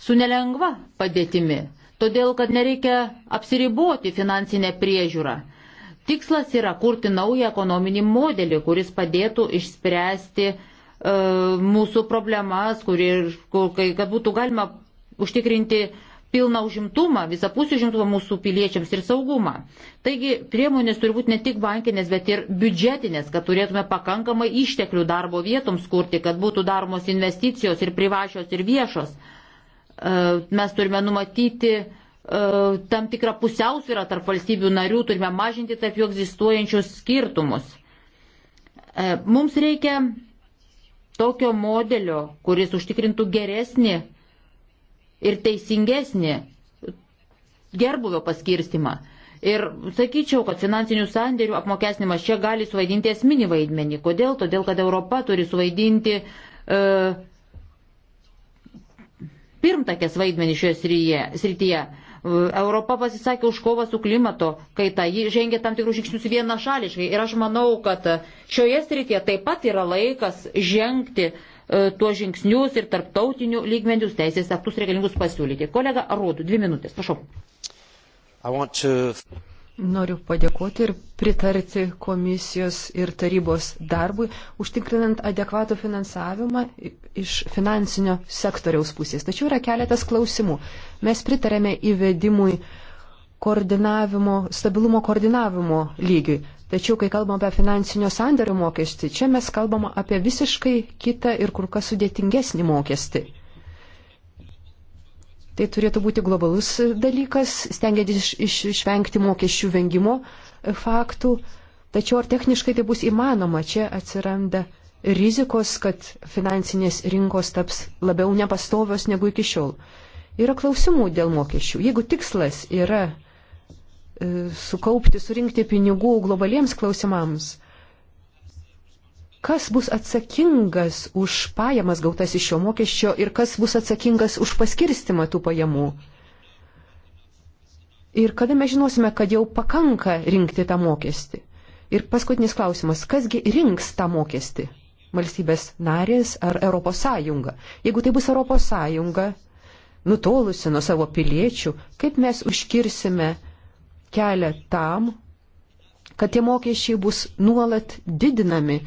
su nelengva padėtimi, todėl kad nereikia apsiriboti finansinę priežiūrą. Tikslas yra kurti naują ekonominį modelį, kuris padėtų išspręsti e, mūsų problemas, kuri, kur, kad būtų galima užtikrinti pilną užimtumą, visapusį užimtumą mūsų piliečiams ir saugumą. Taigi priemonės turi būti ne tik bankinės, bet ir biudžetinės, kad turėtume pakankamai išteklių darbo vietoms kurti, kad būtų daromos investicijos ir privačios ir viešos. E, mes turime numatyti e, tam tikrą pusiausvyrą tarp valstybių narių, turime mažinti tarp jų egzistuojančius skirtumus. E, mums reikia tokio modelio, kuris užtikrintų geresnį ir teisingesnį gerbuvio paskirstimą. Ir sakyčiau, kad finansinių sandėrių apmokesnimas čia gali suvaidinti esminį vaidmenį. Kodėl? Todėl, kad Europa turi suvaidinti e, pirmtakės vaidmenį šioje srityje. srityje. E, Europa pasisakė už kovą su klimato kaita, ji žengė tam tikrus žingsnius vienašališkai ir aš manau, kad šioje srityje taip pat yra laikas žengti uh, E, tuos žingsnius ir tarptautinių lygmenius teisės aktus reikalingus pasiūlyti. Kolega Arūdų, dvi minutės, prašau. To... Noriu padėkoti ir pritarti komisijos ir tarybos darbui, užtikrinant adekvatų finansavimą iš finansinio sektoriaus pusės. Tačiau yra keletas klausimų. Mes pritarėme įvedimui koordinavimo, stabilumo koordinavimo lygiui. Tačiau, kai kalbam apie finansinio sandario mokestį, čia mes kalbam apie visiškai kitą ir kur kas sudėtingesnį mokestį. Tai turėtų būti globalus dalykas, stengiantis iš, iš, išvengti mokesčių vengimo faktų. Tačiau ar techniškai tai bus įmanoma, čia atsiranda rizikos, kad finansinės rinkos taps labiau nepastovios negu iki šiol. Yra klausimų dėl mokesčių. Jeigu tikslas yra E, sukaupti, surinkti pinigų globaliems klausimams. Kas bus atsakingas už pajamas gautas iš šio mokesčio ir kas bus atsakingas už paskirstimą tų pajamų? Ir kada mes žinosime, kad jau pakanka rinkti tą mokestį? Ir paskutinis klausimas, kasgi rinks tą mokestį? Valstybės narės ar Europos Sąjunga? Jeigu tai bus Europos Sąjunga, nutolusi nuo savo piliečių, kaip mes užkirsime kelią tam, kad tie mokesčiai bus nuolat didinami,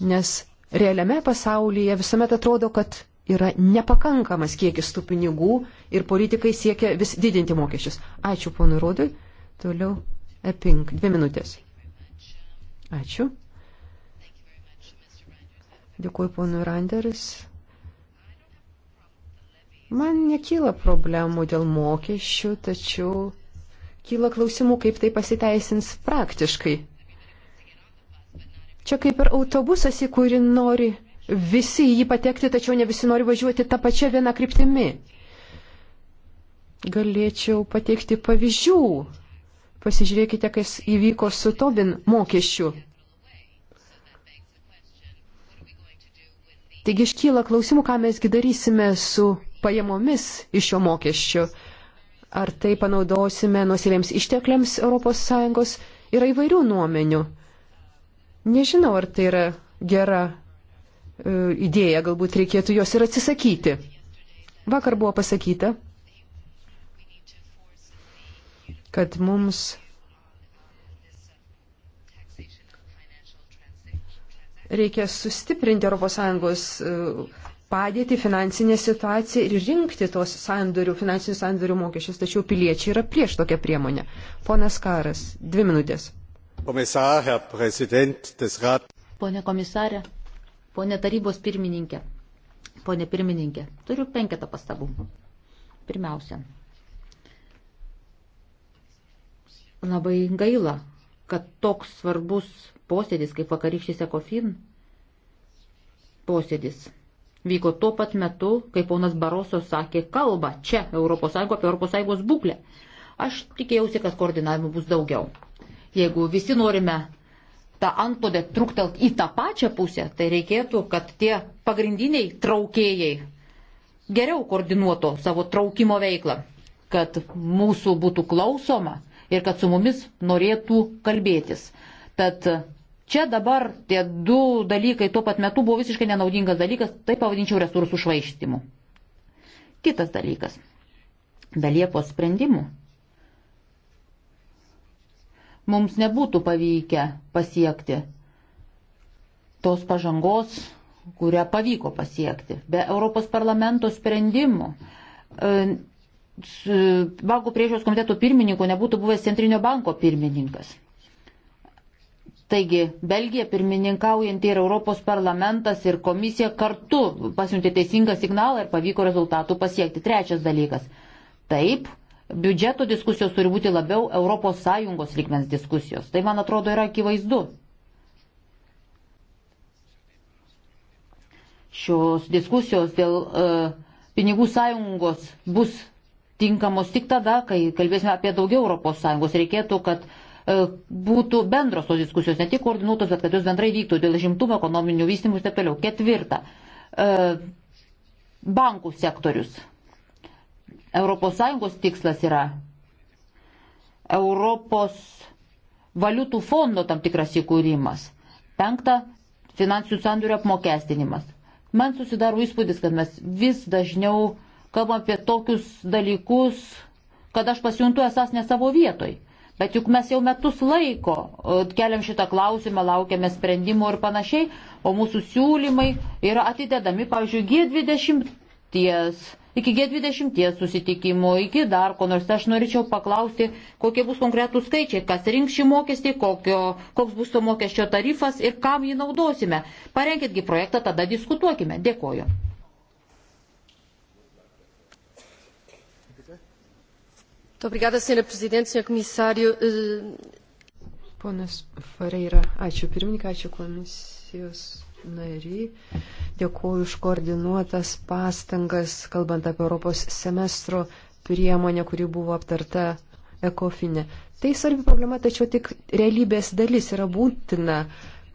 nes realiame pasaulyje visuomet atrodo, kad yra nepakankamas kiekis tų pinigų ir politikai siekia vis didinti mokesčius. Ačiū ponui Rodui. Toliau Epink. Dvi minutės. Ačiū. Dėkuoju ponui Randeris. Man nekyla problemų dėl mokesčių, tačiau kyla klausimų, kaip tai pasiteisins praktiškai. Čia kaip ir autobusas, į kurį nori visi jį patekti, tačiau ne visi nori važiuoti tą pačią vieną kryptimį. Galėčiau pateikti pavyzdžių. Pasižiūrėkite, kas įvyko su Tobin mokesčiu. Taigi iškyla klausimų, ką mesgi darysime su pajamomis iš šio mokesčio ar tai panaudosime nuosivėms ištekliams ES, yra įvairių nuomenių. Nežinau, ar tai yra gera e, idėja, galbūt reikėtų jos ir atsisakyti. Vakar buvo pasakyta, kad mums reikia sustiprinti ES padėtį, finansinę situaciją ir rinkti tos sandorių, finansinių sandorių mokesčius, tačiau piliečiai yra prieš tokią priemonę. Ponas Karas, dvi minutės. Pone komisarė, pone tarybos pirmininkė, pone pirmininkė, turiu penketą pastabų. Pirmiausia, labai gaila, kad toks svarbus posėdis kaip vakarykštis ekofin posėdis vyko tuo pat metu, kai ponas Baroso sakė kalbą čia ES apie ES būklę. Aš tikėjausi, kad koordinavimo bus daugiau. Jeigu visi norime tą antodę truktelt į tą pačią pusę, tai reikėtų, kad tie pagrindiniai traukėjai geriau koordinuotų savo traukimo veiklą, kad mūsų būtų klausoma ir kad su mumis norėtų kalbėtis. Tad Čia dabar tie du dalykai tuo pat metu buvo visiškai nenaudingas dalykas, tai pavadinčiau resursų švaištimu. Kitas dalykas. Daliepos sprendimų. Mums nebūtų pavykę pasiekti tos pažangos, kurią pavyko pasiekti. Be Europos parlamento sprendimų e, bankų priežiūros komiteto pirmininko nebūtų buvęs Centrinio banko pirmininkas. Taigi, Belgija pirmininkaujant ir Europos parlamentas ir komisija kartu pasiuntė teisingą signalą ir pavyko rezultatų pasiekti. Trečias dalykas. Taip, biudžeto diskusijos turi būti labiau ES lygmens diskusijos. Tai, man atrodo, yra akivaizdu. Šios diskusijos dėl uh, pinigų sąjungos bus tinkamos tik tada, kai kalbėsime apie daugiau ES. Reikėtų, kad uh, E, būtų bendros tos diskusijos, ne tik koordinuotos, bet kad jos bendrai vyktų dėl žimtumo, ekonominių vystimų ir taip toliau. Ketvirta. E, bankų sektorius. ES tikslas yra Europos valiutų fondo tam tikras įkūrimas. Penkta. Finansinių sandorių apmokestinimas. Man susidaro įspūdis, kad mes vis dažniau kalbam apie tokius dalykus, kad aš pasijuntu esas ne savo vietoj. Bet juk mes jau metus laiko e, keliam šitą klausimą, laukiame sprendimų ir panašiai, o mūsų siūlymai yra atidedami, pavyzdžiui, G20, ties, iki G20 susitikimo, iki dar ko nors. Aš norėčiau paklausti, kokie bus konkretūs skaičiai, kas rinks šį mokestį, kokio, koks bus to mokesčio tarifas ir kam jį naudosime. Parenkitgi projektą, tada diskutuokime. Dėkoju. Sra. Prezidentė, Sra. Komisario. Eh, Ponas Fareira, ačiū pirmininkai, ačiū komisijos nariai. Dėkuoju už koordinuotas pastangas, kalbant apie Europos semestro priemonę, kuri buvo aptarta ekofinė. Tai svarbi problema, tačiau tik realybės dalis yra būtina,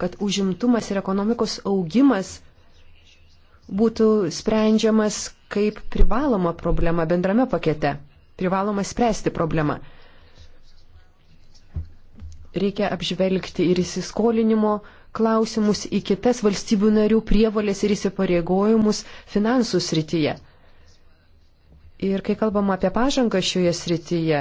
kad užimtumas ir ekonomikos augimas būtų sprendžiamas kaip privaloma problema bendrame pakete privaloma spręsti problemą. Reikia apžvelgti ir įsiskolinimo klausimus į kitas valstybių narių prievolės ir įsipareigojimus finansų srityje. Ir kai kalbam apie pažangą šioje srityje,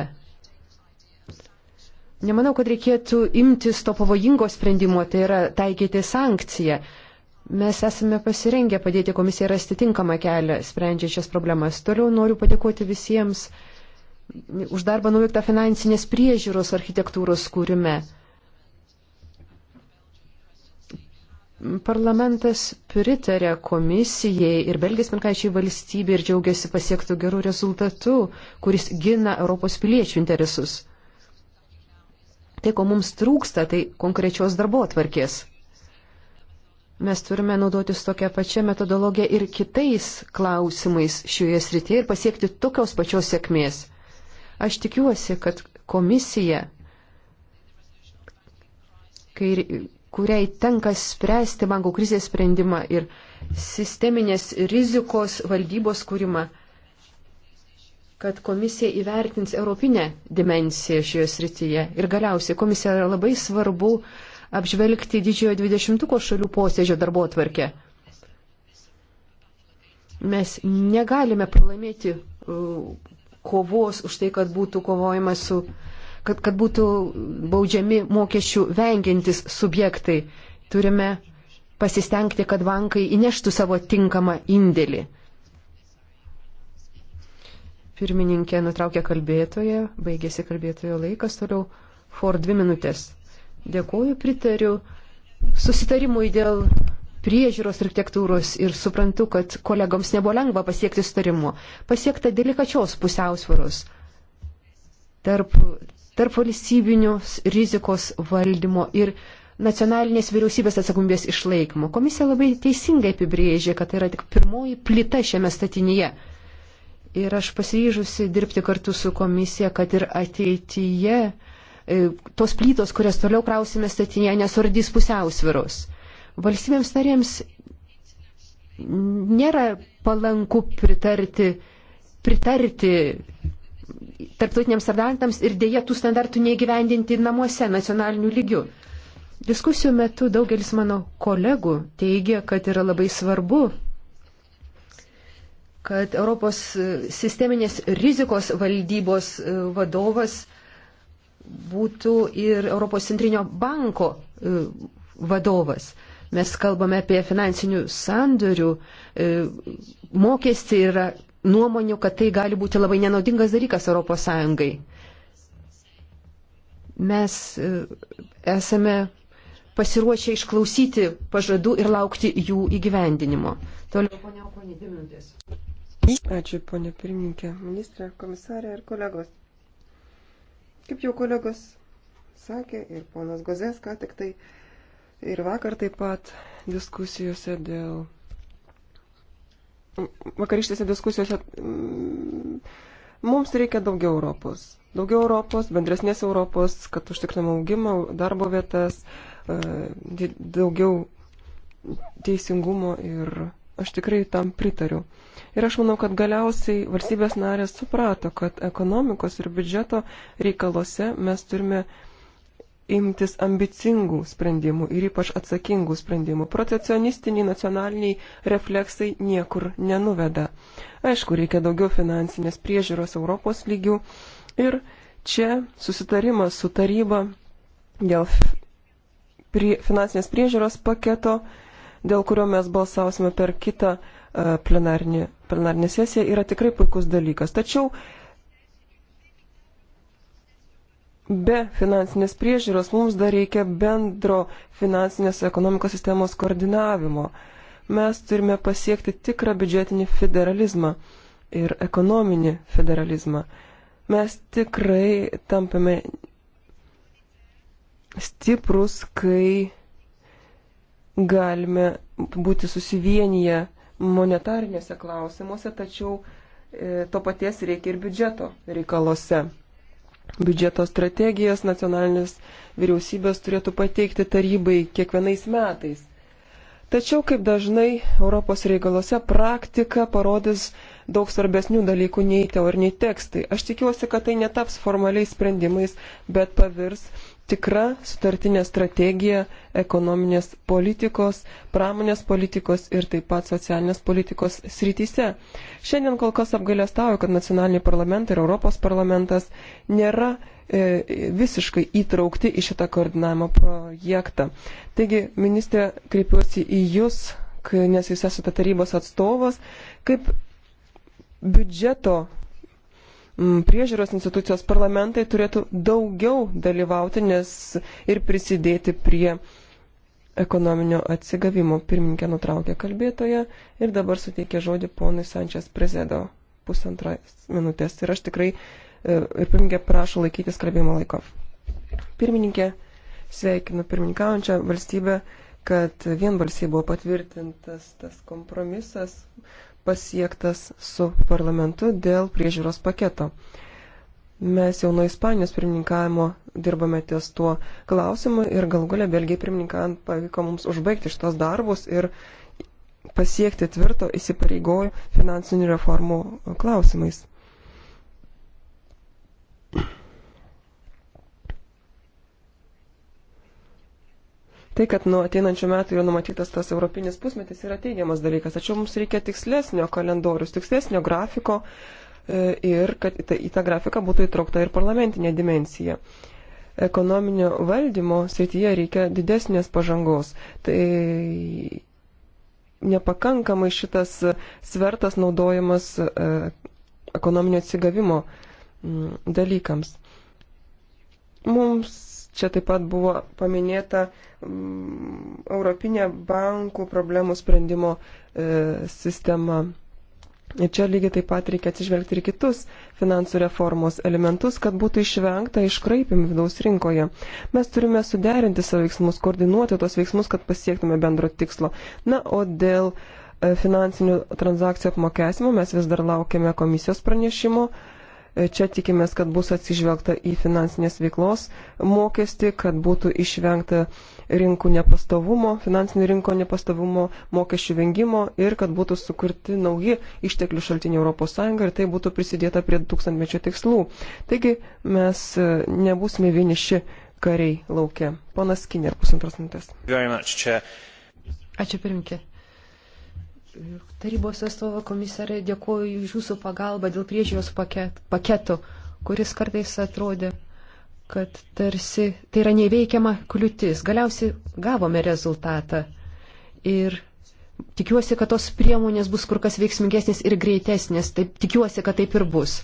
nemanau, kad reikėtų imtis to pavojingo sprendimo, tai yra taikyti sankciją. Mes esame pasirengę padėti komisijai rasti tinkamą kelią sprendžiant šias problemas. Toliau noriu padėkoti visiems už darbą nuveiktą finansinės priežiūros architektūros kūrime. Parlamentas pritarė komisijai ir Belgijos pirkaičiai valstybė ir džiaugiasi pasiektų gerų rezultatų, kuris gina Europos piliečių interesus. Tai, ko mums trūksta, tai konkrečios darbo atvarkės. Mes turime naudotis tokią pačią metodologiją ir kitais klausimais šioje srityje ir pasiekti tokios pačios sėkmės. Aš tikiuosi, kad komisija, kai, kuriai tenka spręsti bankų krizės sprendimą ir sisteminės rizikos valdybos kūrimą, kad komisija įvertins europinę dimensiją šioje srityje. Ir galiausiai komisija yra labai svarbu apžvelgti didžiojo 20-ko šalių posėdžio darbo atvarkę. Mes negalime pralaimėti uh, kovos už tai, kad būtų kovojama su, kad, kad būtų baudžiami mokesčių vengiantis subjektai. Turime pasistengti, kad bankai įneštų savo tinkamą indėlį. Pirmininkė nutraukė kalbėtoje, baigėsi kalbėtojo laikas, toliau for dvi minutės. Dėkuoju, pritariu susitarimui dėl priežiūros architektūros ir suprantu, kad kolegoms nebuvo lengva pasiekti sutarimu. Pasiekta delikačios pusiausvaros tarp, tarp valstybinius rizikos valdymo ir nacionalinės vyriausybės atsakomybės išlaikymo. Komisija labai teisingai apibrėžė, kad tai yra tik pirmoji plita šiame statinyje. Ir aš pasiryžusi dirbti kartu su komisija, kad ir ateityje e, tos plytos, kurias toliau krausime statinyje, nesurdys pusiausviros. Valstybėms narėms nėra palanku pritarti, pritarti tarptautiniams standartams ir dėja tų standartų neįgyvendinti namuose nacionaliniu lygiu. Diskusijų metu daugelis mano kolegų teigia, kad yra labai svarbu, kad Europos sisteminės rizikos valdybos e, vadovas būtų ir Europos centrinio banko e, vadovas. Mes kalbame apie finansinių sandorių e, mokestį ir nuomonių, kad tai gali būti labai nenaudingas dalykas ES. Mes e, esame pasiruošę išklausyti pažadų ir laukti jų įgyvendinimo. Toliau, ponia Okonė, dvi minutės. Ačiū, ponia pirmininkė, ministrė, komisarė ir kolegos. Kaip jau kolegos sakė ir ponas Gozės, ką tik tai uh, Ir vakar taip pat diskusijose dėl. Vakarištėse diskusijose mm, mums reikia daugiau Europos. Daugiau Europos, bendresnės Europos, kad užtikrinam augimą, darbo vietas, e, daugiau teisingumo ir aš tikrai tam pritariu. Ir aš manau, kad galiausiai valstybės narės suprato, kad ekonomikos ir biudžeto reikalose mes turime uh, imtis ambicingų sprendimų ir ypač atsakingų sprendimų. Protekcionistiniai nacionaliniai refleksai niekur nenuveda. Aišku, reikia daugiau finansinės priežiūros Europos lygių ir čia susitarimas su taryba dėl prie, finansinės priežiūros paketo, dėl kurio mes balsausime per kitą e, plenarnį, plenarnį sesiją, yra tikrai puikus dalykas. Tačiau be finansinės priežiūros mums dar reikia bendro finansinės ekonomikos sistemos koordinavimo. Mes turime pasiekti tikrą biudžetinį federalizmą ir ekonominį federalizmą. Mes tikrai tampame stiprus, kai galime būti susivienyje monetariniuose klausimuose, tačiau e, to paties reikia ir biudžeto reikalose biudžeto strategijas nacionalinės vyriausybės turėtų pateikti tarybai kiekvienais metais. Tačiau, kaip dažnai Europos reikalose, praktika parodys daug svarbesnių dalykų nei teoriniai tekstai. Aš tikiuosi, kad tai netaps formaliais sprendimais, bet pavirs tikra sutartinė strategija ekonominės politikos, pramonės politikos ir taip pat socialinės politikos srityse. Šiandien kol kas apgailestauju, kad nacionaliniai parlamentai ir Europos parlamentas nėra e, visiškai įtraukti į šitą koordinavimo projektą. Taigi, ministrė, kreipiuosi į Jūs, nes Jūs esate tarybos atstovas, kaip biudžeto priežiūros institucijos parlamentai turėtų daugiau dalyvauti nes ir prisidėti prie ekonominio atsigavimo. Pirmininkė nutraukė kalbėtoją ir dabar suteikė žodį ponui Sančias Prezedo pusantros minutės. Ir aš tikrai, e, ir pirmininkė prašo laikytis kalbėjimo laiko. Pirmininkė, sveikinu pirmininkaujančią valstybę, kad vienbalsiai buvo patvirtintas tas kompromisas, pasiektas su parlamentu dėl priežiūros paketo. Mes jau nuo Ispanijos pirmininkavimo dirbame ties tuo klausimu ir gal galia Belgijai pirmininkavant pavyko mums užbaigti šitos darbus ir pasiekti tvirto įsipareigojų finansinių reformų klausimais. Tai, kad nuo ateinančių metų yra numatytas tas europinis pusmetis, yra teigiamas dalykas, tačiau mums reikia tikslesnio kalendorius, tikslesnio grafiko e, ir kad į tą grafiką būtų įtraukta ir parlamentinė dimensija. Ekonominio valdymo srityje reikia didesnės pažangos. Tai nepakankamai šitas svertas naudojamas e, ekonominio atsigavimo dalykams. Mums Čia taip pat buvo paminėta mm, Europinė bankų problemų sprendimo e, sistema. Ir čia lygiai taip pat reikia atsižvelgti ir kitus finansų reformos elementus, kad būtų išvengta iškraipimų vidaus rinkoje. Mes turime suderinti savo veiksmus, koordinuoti tos veiksmus, kad pasiektume bendro tikslo. Na, o dėl e, finansinių transakcijų apmokesimo mes vis dar laukiame komisijos pranešimo. E, Čia tikimės, kad bus atsižvelgta į finansinės veiklos mokestį, kad būtų išvengta rinkų nepastovumo, finansinio rinko nepastovumo, mokesčių vengimo ir kad būtų sukurti nauji išteklių šaltiniai ES ir tai būtų prisidėta prie tūkstantmečio tikslų. Taigi mes e, nebūsime vieniši kariai laukia. Ponas Skinner, pusantros minutės. Ačiū pirmkė. Tarybos atstovo komisarė, dėkuoju už jūsų pagalbą dėl priežiūros paket, paketo, kuris kartais atrodė, kad tarsi tai yra neveikiama kliūtis. Galiausiai gavome rezultatą ir tikiuosi, kad tos priemonės bus kur kas veiksmingesnės ir greitesnės. Taip, tikiuosi, kad taip ir bus.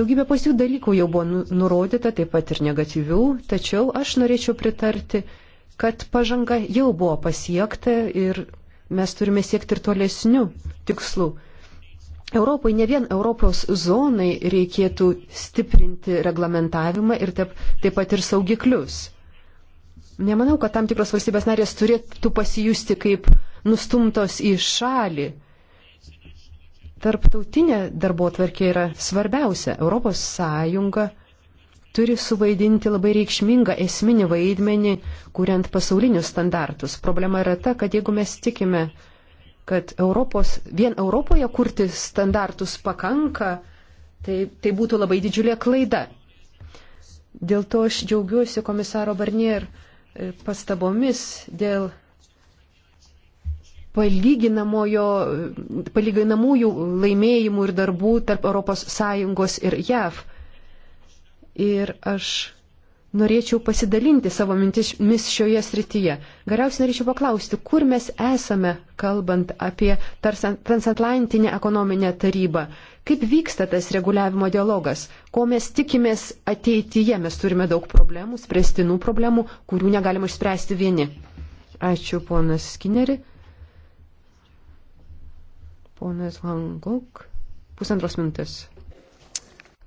Daugybė pasių dalykų jau buvo nu, nurodyta, taip pat ir negatyvių, tačiau aš norėčiau pritarti, kad pažanga jau buvo pasiekta ir Mes turime siekti ir tolesnių tikslų. Europai, ne vien Europos zonai reikėtų stiprinti reglamentavimą ir taip, taip pat ir saugiklius. Nemanau, kad tam tikros valstybės narės turėtų pasijusti kaip nustumtos į šalį. Tarptautinė darbo tvarkė yra svarbiausia. Europos Sąjunga turi suvaidinti labai reikšmingą esminį vaidmenį, kuriant pasaulinius standartus. Problema yra ta, kad jeigu mes tikime, kad Europos, vien Europoje kurti standartus pakanka, tai, tai būtų labai didžiulė klaida. Dėl to aš džiaugiuosi komisaro Barnier e, pastabomis dėl e, palyginamųjų laimėjimų ir darbų tarp ES ir JAV ir aš norėčiau pasidalinti savo mintimis šioje srityje. Galiausiai norėčiau paklausti, kur mes esame, kalbant apie transatlantinę ekonominę tarybą. Kaip vyksta tas reguliavimo dialogas? Ko mes tikimės ateityje? Mes turime daug problemų, spręstinų problemų, kurių negalima išspręsti vieni. Ačiū, ponas Skinneri. Ponas Van Gogh. Pusantros minutės.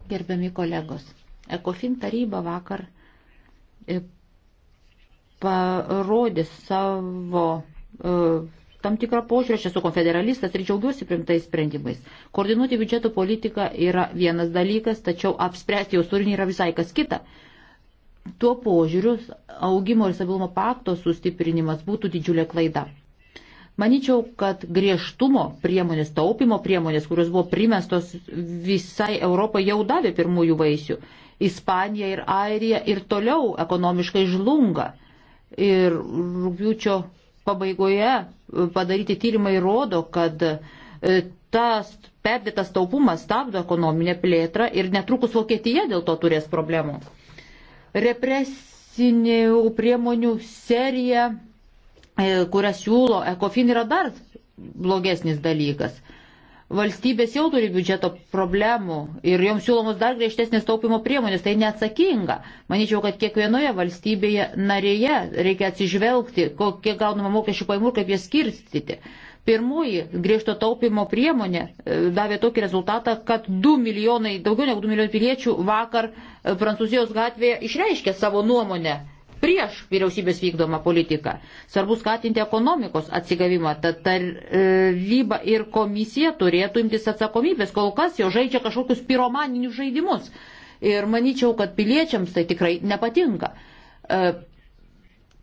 Gerbiami kolegos. Ekofin taryba vakar e, parodė savo e, tam tikrą požiūrį, aš esu konfederalistas ir džiaugiuosi primtais sprendimais. Koordinuoti biudžeto politiką yra vienas dalykas, tačiau apspręsti jos turinį yra visai kas kita. Tuo požiūriu augimo ir stabilumo pakto sustiprinimas būtų didžiulė klaida. Maničiau, kad griežtumo priemonės, taupimo priemonės, kurios buvo primestos visai Europai, jau davė pirmųjų vaisių. Ispanija ir Airija ir toliau ekonomiškai žlunga. Ir rūpiučio pabaigoje e, padaryti tyrimai rodo, kad e, tas perdėtas taupumas stabdo ekonominę plėtrą ir netrukus Vokietija dėl to turės problemų. Represinių priemonių serija, e, kurias siūlo ECOFIN, yra dar blogesnis dalykas. Valstybės jau turi biudžeto problemų ir joms siūlomos dar griežtesnės taupimo priemonės. Tai neatsakinga. Manyčiau, kad kiekvienoje valstybėje narėje reikia atsižvelgti, kokie gaunama mokesčių paimų ir kaip jie skirstyti. Pirmoji griežto taupimo priemonė e, davė tokį rezultatą, kad 2 milijonai, daugiau negu 2 milijonai piliečių vakar e, Prancūzijos gatvėje išreiškė savo nuomonę prieš vyriausybės vykdomą politiką. Svarbu skatinti ekonomikos atsigavimą, tad taryba ir komisija turėtų imtis atsakomybės, kol kas jo žaidžia kažkokius piromaninius žaidimus. Ir manyčiau, kad piliečiams tai tikrai nepatinka. E,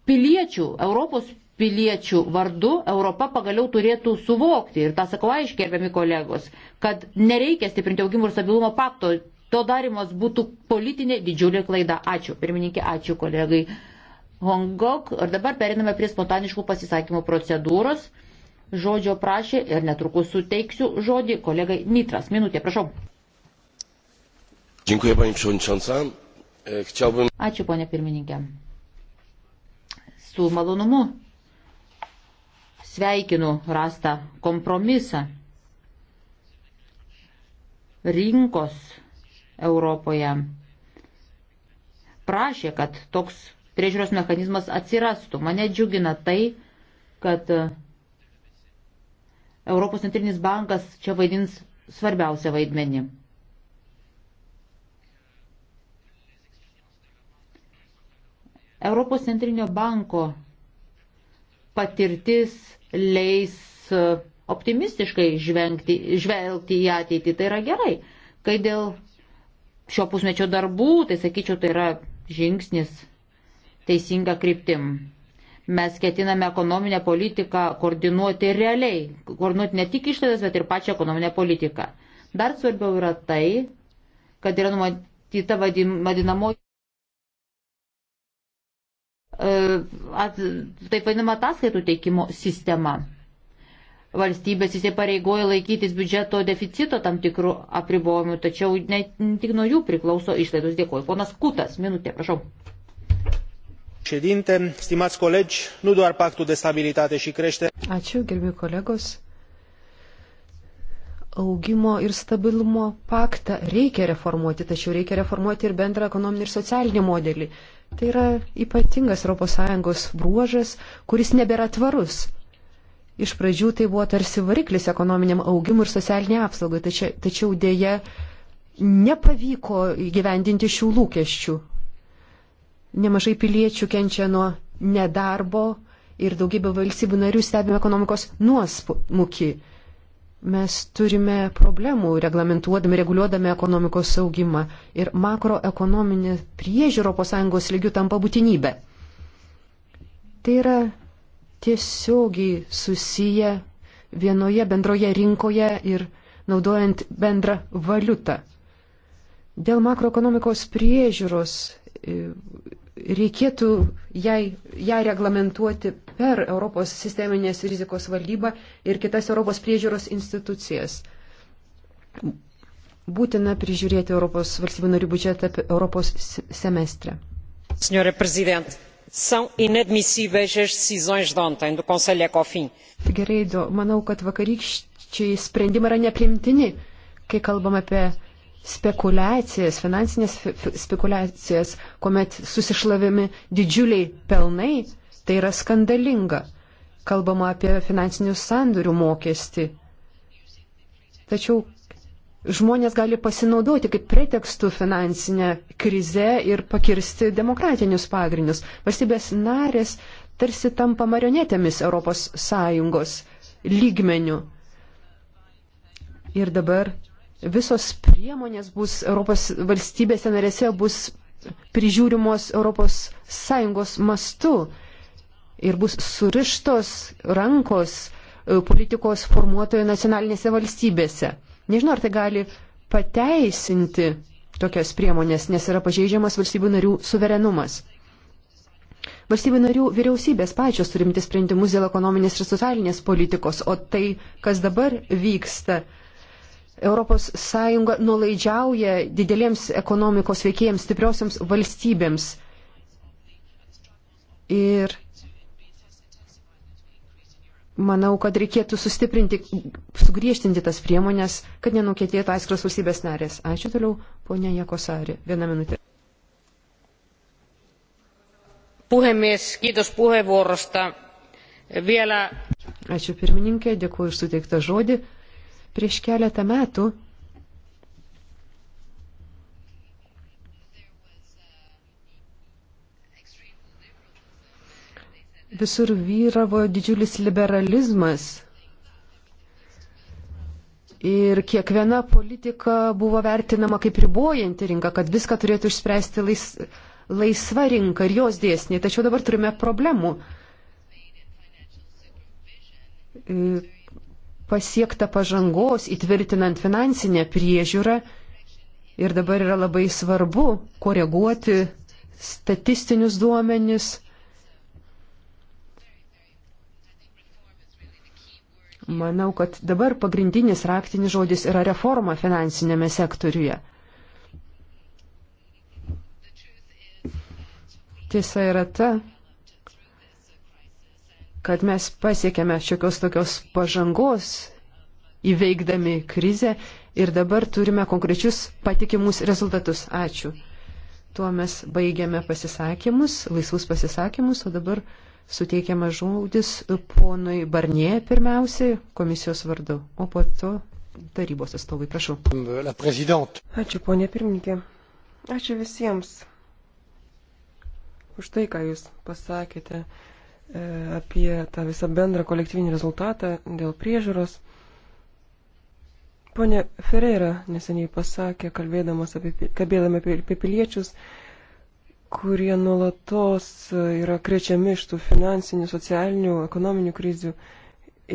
piliečių, Europos piliečių vardu Europa pagaliau turėtų suvokti, ir tą sakau aiškiai, gerbiami kolegos, kad nereikia stiprinti augimų ir stabilumo pakto to darimas būtų politinė didžiulė klaida. Ačiū, pirmininkė, ačiū kolegai Hongok. Ir dabar periname prie spontaniškų pasisakymų procedūros. Žodžio prašė ir netrukus suteiksiu žodį kolegai Nitras. Minutė, prašau. Dziękuję, pani przewodnicząca. E, chciałbym... Ačiū, ponė pirmininkė. Su malonumu sveikinu rastą kompromisą rinkos Europoje prašė, kad toks priežiūros mechanizmas atsirastų. Mane džiugina tai, kad Europos centrinis bankas čia vaidins svarbiausią vaidmenį. Europos centrinio banko patirtis leis optimistiškai žvengti, žvelgti į ateitį. Tai yra gerai, kai dėl šio pusmečio darbų, tai sakyčiau, tai yra žingsnis teisinga kryptim. Mes ketiname ekonominę politiką koordinuoti realiai, koordinuoti ne tik išlaidas, bet ir pačią ekonominę politiką. Dar svarbiau yra tai, kad yra numatyta vadinamoji e, taip vadinama ataskaitų teikimo sistema valstybės įsipareigoja laikytis biudžeto deficito tam tikrų apribojimų, tačiau ne tik nuo jų priklauso išlaidos. Dėkuoju. Ponas Kutas, minutė, prašau. Šedinte, stimați colegi, nu doar pactul de stabilitate și creștere. Ačiū, gerbiu kolegos. Augimo ir stabilumo paktą reikia reformuoti, tačiau reikia reformuoti ir bendrą ekonominį ir socialinį modelį. Tai yra ypatingas ES bruožas, kuris nebėra tvarus Iš pradžių tai buvo tarsi variklis ekonominiam augimui ir socialiniai apsaugai, tačiau, tačiau dėja nepavyko įgyvendinti šių lūkesčių. Nemažai piliečių kenčia nuo nedarbo ir daugybė valstybių narių stebime ekonomikos nuosmukį. Mes turime problemų reglamentuodami, reguliuodami ekonomikos saugimą ir makroekonominė priežiūro ES lygių tampa būtinybė. Tai yra tiesiogiai susiję vienoje bendroje rinkoje ir naudojant bendrą valiutą. Dėl makroekonomikos priežiūros e, reikėtų jai, ją reglamentuoti per Europos sisteminės rizikos valdybą ir kitas Europos priežiūros institucijas. Būtina prižiūrėti Europos valstybių narių biudžetą Europos semestrę. Senjore prezident, são inadmissíveis as decisões de ontem do Conselho Ecofin. Gerai, do, manau, kad vakarykščiai sprendimai yra neprimtini, kai kalbam apie spekulacijas, finansinės spekulacijas, kuomet susišlavimi didžiuliai pelnai, tai yra skandalinga. Kalbama apie finansinių sandorių mokestį. Tačiau žmonės gali pasinaudoti kaip pretekstų finansinę krizę ir pakirsti demokratinius pagrindus. Valstybės narės tarsi tampa marionetėmis ES lygmenių. Ir dabar visos priemonės bus Europos valstybėse narėse bus prižiūrimos ES mastu ir bus surištos rankos e, politikos formuotojų nacionalinėse valstybėse. Nežinau, ar tai gali pateisinti tokias priemonės, nes yra pažeidžiamas valstybių narių suverenumas. Valstybių narių vyriausybės pačios turimti sprendimus dėl ekonominės ir socialinės politikos, o tai, kas dabar vyksta, ES nulaidžiauja dideliems ekonomikos veikėjams, stipriosiams valstybėms. Ir Manau, kad reikėtų sustiprinti, sugriežtinti tas priemonės, kad nenukėtėtų atskiros valstybės narės. Ačiū toliau, ponė Jekosari. Vieną minutę. Puhemies, kiitos puheenvuorosta. Vielä... Ačiū pirmininkė, dėkuoju už suteiktą žodį. Prieš keletą metų visur vyravo didžiulis liberalizmas. Ir kiekviena politika buvo vertinama kaip ribojanti rinka, kad viską turėtų išspręsti lais, laisva rinka ir jos dėsniai. Tačiau dabar turime problemų. E, Pasiekta pažangos įtvirtinant finansinę priežiūrą ir dabar yra labai svarbu koreguoti statistinius duomenis Manau, kad dabar pagrindinis raktinis žodis yra reforma finansinėme sektoriuje. Tiesa yra ta, kad mes pasiekėme šiokios tokios pažangos įveikdami krizę ir dabar turime konkrečius patikimus rezultatus. Ačiū. Tuo mes baigiame pasisakymus, laisvus pasisakymus, o dabar suteikiamas žodis ponui Barnie pirmiausiai komisijos vardu, o po to tarybos atstovai. Prašau. Ačiū, ponė pirmininkė. Ačiū visiems už tai, ką jūs pasakėte e, apie tą visą bendrą kolektyvinį rezultatą dėl priežiūros. Pone Ferreira neseniai pasakė, kalbėdamas apie, kalbėdama apie, apie piliečius, kurie nulatos e, yra krečiami iš tų finansinių, socialinių, ekonominių krizių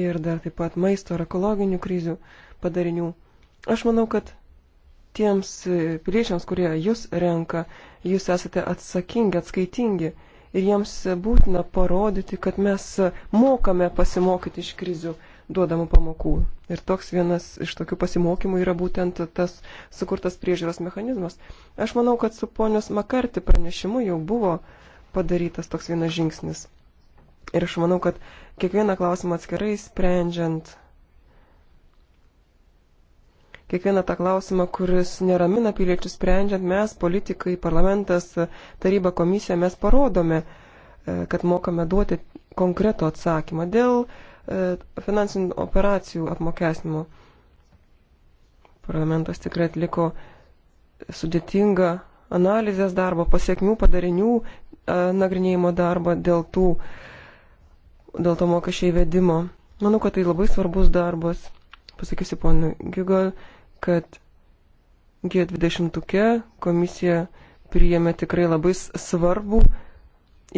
ir dar taip pat maisto ar ekologinių krizių padarinių. Aš manau, kad tiems e, piliečiams, kurie jūs renka, jūs esate atsakingi, atskaitingi ir jiems būtina parodyti, kad mes e, mokame pasimokyti iš krizių duodamų pamokų. Ir toks vienas iš tokių pasimokymų yra būtent tas sukurtas priežiūros mechanizmas. Aš manau, kad su ponios Makarti pranešimu jau buvo padarytas toks vienas žingsnis. Ir aš manau, kad kiekvieną klausimą atskirai sprendžiant, kiekvieną tą klausimą, kuris neramina piliečių sprendžiant, mes, politikai, parlamentas, taryba, komisija, mes parodome, e, kad mokame duoti konkretų atsakymą dėl uh, E, finansinių operacijų apmokesnimo. Parlamentas tikrai atliko sudėtingą analizės darbo, pasiekmių, padarinių e, nagrinėjimo darbą dėl, tų, dėl to mokesčio įvedimo. Manau, kad tai labai svarbus darbas. Pasakysiu ponui Gigol, kad G20 komisija priėmė tikrai labai svarbų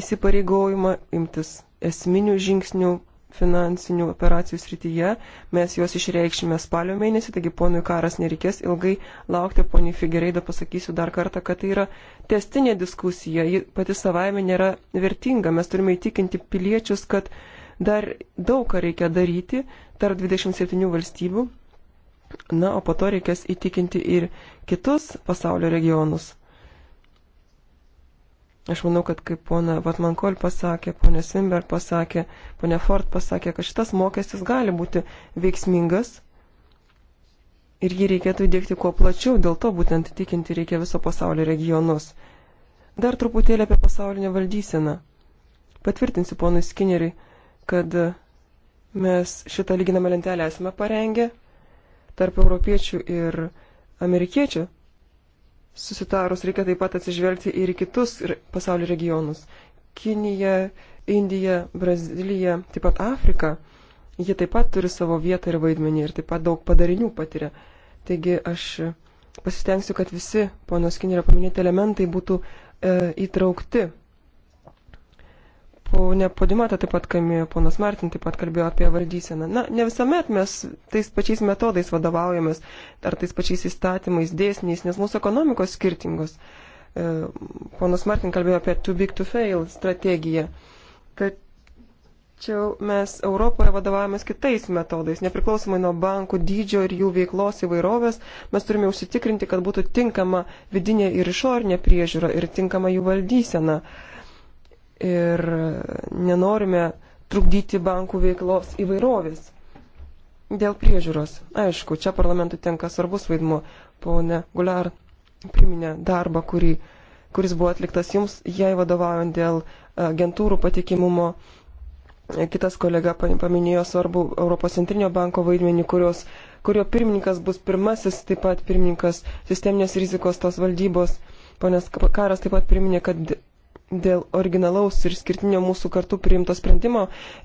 įsipareigojimą imtis esminių žingsnių finansinių operacijų srityje. Mes juos išreikšime spalio mėnesį, taigi ponui karas nereikės ilgai laukti. Poniai Figereido pasakysiu dar kartą, kad tai yra testinė diskusija, ji pati savaime nėra vertinga. Mes turime įtikinti piliečius, kad dar daug ką reikia daryti tarp 27 valstybių. Na, o po to reikės įtikinti ir kitus pasaulio regionus. Aš manau, kad kaip pona Vatmankol pasakė, ponė Simber pasakė, ponė Ford pasakė, kad šitas mokestis gali būti veiksmingas ir jį reikėtų įdėkti kuo plačiau, dėl to būtent tikinti reikia viso pasaulio regionus. Dar truputėlį apie pasaulinę valdyseną. Patvirtinsiu ponui Skinneriui, kad mes šitą lyginamą lentelę esame parengę tarp europiečių ir amerikiečių susitarus reikia taip pat atsižvelgti ir į kitus pasaulio regionus. Kinija, Indija, Brazilija, taip pat Afrika, jie taip pat turi savo vietą ir vaidmenį ir taip pat daug padarinių patiria. Taigi aš pasistengsiu, kad visi ponios Kinė yra paminėti elementai būtų e, įtraukti ponė Podimata taip pat kalbėjo, ponas Martin taip pat kalbėjo apie valdyseną. Na, ne visuomet mes tais pačiais metodais vadovaujamės ar tais pačiais įstatymais, dėsniais, nes mūsų ekonomikos skirtingos. E, ponas Martin kalbėjo apie too big to fail strategiją. Tačiau mes Europoje vadovavomės kitais metodais, nepriklausomai nuo bankų dydžio ir jų veiklos įvairovės, mes turime užsitikrinti, kad būtų tinkama vidinė ir išorinė priežiūra ir tinkama jų valdysena. Uh, ir nenorime trukdyti bankų veiklos įvairovės. Dėl priežiūros. Aišku, čia parlamentui tenka svarbus vaidmo. Pone Guliar priminė darbą, kurį, kuris buvo atliktas jums, jai vadovaujant dėl agentūrų patikimumo. Kitas kolega paminėjo svarbu Europos centrinio banko vaidmenį, kurios, kurio pirmininkas bus pirmasis, taip pat pirmininkas sisteminės rizikos tos valdybos. Ponas Karas taip pat priminė, kad dėl originalaus ir skirtinio mūsų kartu priimto sprendimo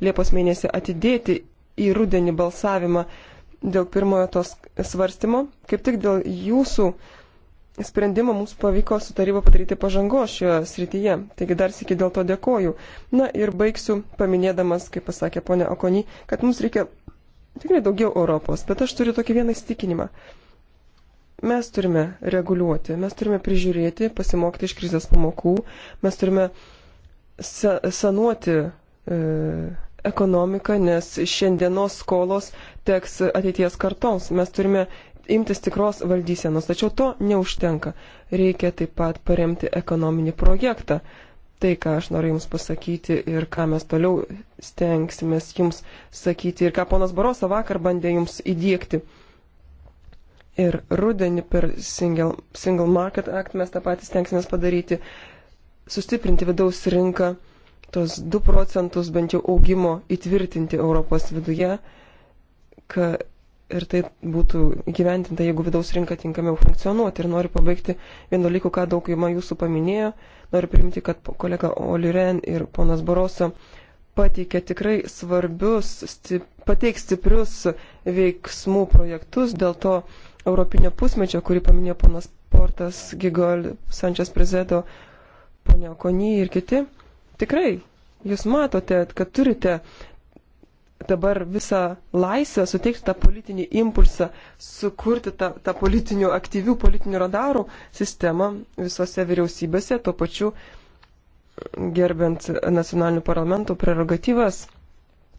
Liepos mėnesį atidėti į rudenį balsavimą dėl pirmojo tos svarstymo. Kaip tik dėl jūsų sprendimo mums pavyko su taryba padaryti pažango šioje srityje. Taigi dar sėki dėl to dėkoju. Na ir baigsiu paminėdamas, kaip pasakė ponia Okony, kad mums reikia tikrai daugiau Europos, bet aš turiu tokį vieną įstikinimą. Mes turime reguliuoti, mes turime prižiūrėti, pasimokyti iš krizės pamokų, mes turime sa sanuoti e, ekonomiką, nes šiandienos skolos teks ateities kartoms. Mes turime imtis tikros valdysenos, tačiau to neužtenka. Reikia taip pat paremti ekonominį projektą. Tai, ką aš noriu Jums pasakyti ir ką mes toliau stengsimės Jums sakyti ir ką ponas Barosa vakar bandė Jums įdėkti. Ir rudenį per Single, Single Market Act mes tą patį stengsime padaryti, sustiprinti vidaus rinką, tos 2 procentus bent jau augimo įtvirtinti Europos viduje, kad ir tai būtų gyventinta, jeigu vidaus rinka tinkamiau funkcionuoti. Ir noriu pabaigti vienu dalyku, ką daug įma jūsų paminėjo. Noriu priminti, kad kolega Oliren ir ponas Baroso pateikė tikrai svarbius, stip, pateiks stiprius veiksmų projektus, dėl to Europinio pusmečio, kurį paminėjo ponas Portas, Gigol, Sančias Prezedo, ponia Kony ir kiti. Tikrai, jūs matote, kad turite dabar visą laisvę suteikti tą politinį impulsą, sukurti tą, tą politinių, aktyvių politinių radarų sistemą visose vyriausybėse, tuo pačiu gerbiant nacionalinių parlamentų prerogatyvas.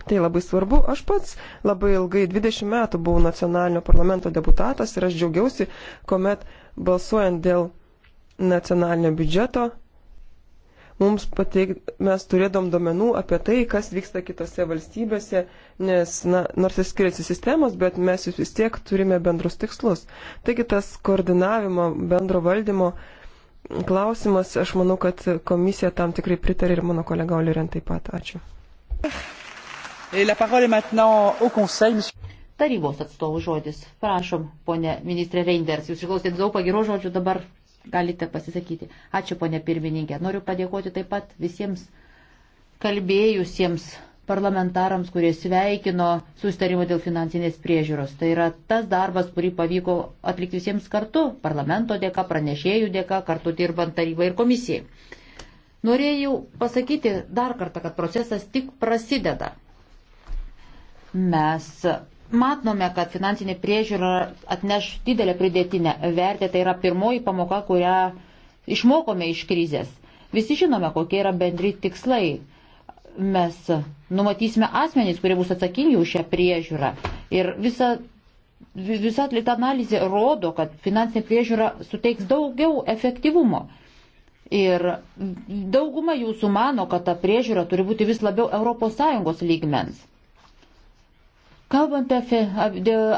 Tai labai svarbu. Aš pats labai ilgai, 20 metų buvau nacionalinio parlamento deputatas ir aš džiaugiausi, kuomet balsuojant dėl nacionalinio biudžeto, mums pateik, mes turėdom domenų apie tai, kas vyksta kitose valstybėse, nes, na, nors ir skiriasi sistemos, bet mes jūs vis tiek turime bendrus tikslus. Taigi tas koordinavimo, bendro valdymo klausimas, aš manau, kad komisija tam tikrai pritarė ir mano kolega Olirent taip pat. Ačiū. Tarybos atstovų žodis. Prašom, ponė ministrė Reinders, jūs išklausėt daug pagirų žodžių, dabar galite pasisakyti. Ačiū, ponė pirmininkė. Noriu padėkoti taip pat visiems kalbėjusiems parlamentarams, kurie sveikino sustarimo dėl finansinės priežiūros. Tai yra tas darbas, kurį pavyko atlikti visiems kartu, parlamento dėka, pranešėjų dėka, kartu dirbant tarybai ir komisijai. Norėjau pasakyti dar kartą, kad procesas tik prasideda. Mes matome, kad finansinė priežiūra atneš didelę pridėtinę vertę, tai yra pirmoji pamoka, kurią išmokome iš krizės. Visi žinome, kokie yra bendri tikslai. Mes numatysime asmenys, kurie bus atsakingi už šią priežiūrą. Ir visa, visa atlita analizė rodo, kad finansinė priežiūra suteiks daugiau efektyvumo. Ir dauguma jūsų mano, kad ta priežiūra turi būti vis labiau ES lygmens. Kalbant apie,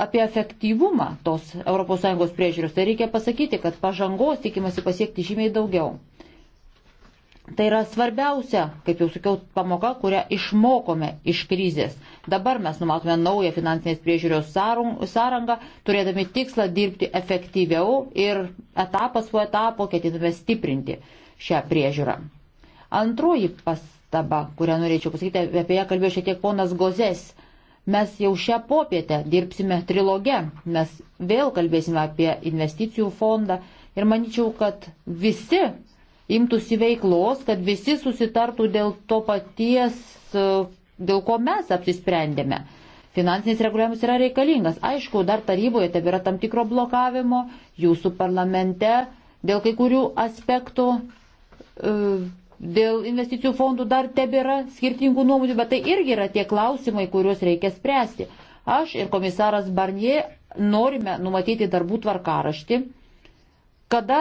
apie efektyvumą tos ES priežiūros, tai reikia pasakyti, kad pažangos tikimasi pasiekti žymiai daugiau. Tai yra svarbiausia, kaip jau sakiau, pamoka, kurią išmokome iš krizės. Dabar mes numatome naują finansinės priežiūros sąrangą, turėdami tikslą dirbti efektyviau ir etapas po etapo ketiname stiprinti šią priežiūrą. Antroji pastaba, kurią norėčiau pasakyti, apie ją kalbėjo šiek tiek ponas Gozės Mes jau šią popietę dirbsime triloge, mes vėl kalbėsime apie investicijų fondą ir manyčiau, kad visi imtųsi veiklos, kad visi susitartų dėl to paties, dėl ko mes apsisprendėme. Finansinis reguliavimas yra reikalingas. Aišku, dar taryboje tebėra tam tikro blokavimo, jūsų parlamente dėl kai kurių aspektų e, dėl investicijų fondų dar tebėra skirtingų nuomonių, bet tai irgi yra tie klausimai, kuriuos reikia spręsti. Aš ir komisaras Barnie norime numatyti darbų tvarkaraštį, kada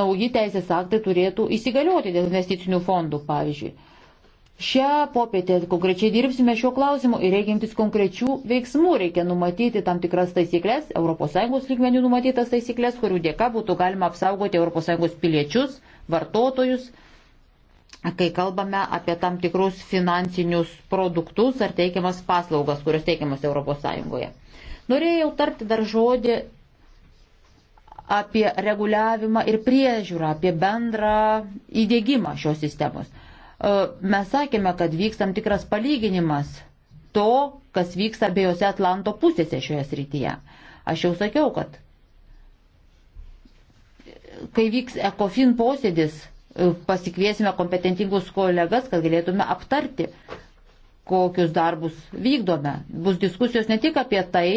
nauji teisės aktai turėtų įsigalioti dėl investicinių fondų, pavyzdžiui. Šią popietę konkrečiai dirbsime šiuo klausimu ir reikintis konkrečių veiksmų. Reikia numatyti tam tikras taisyklės, ES lygmenių numatytas taisyklės, kurių dėka būtų galima apsaugoti ES piliečius, vartotojus kai kalbame apie tam tikrus finansinius produktus ar teikiamas paslaugas, kurios teikiamas ES. Norėjau tarti dar žodį apie reguliavimą ir priežiūrą, apie bendrą įdėgymą šios sistemos. E, mes sakėme, kad vyks tam tikras palyginimas to, kas vyksta abiejose Atlanto pusėse šioje srityje. Aš jau sakiau, kad kai vyks ECOFIN posėdis, pasikviesime kompetentingus kolegas, kad galėtume aptarti, kokius darbus vykdome. Bus diskusijos ne tik apie tai,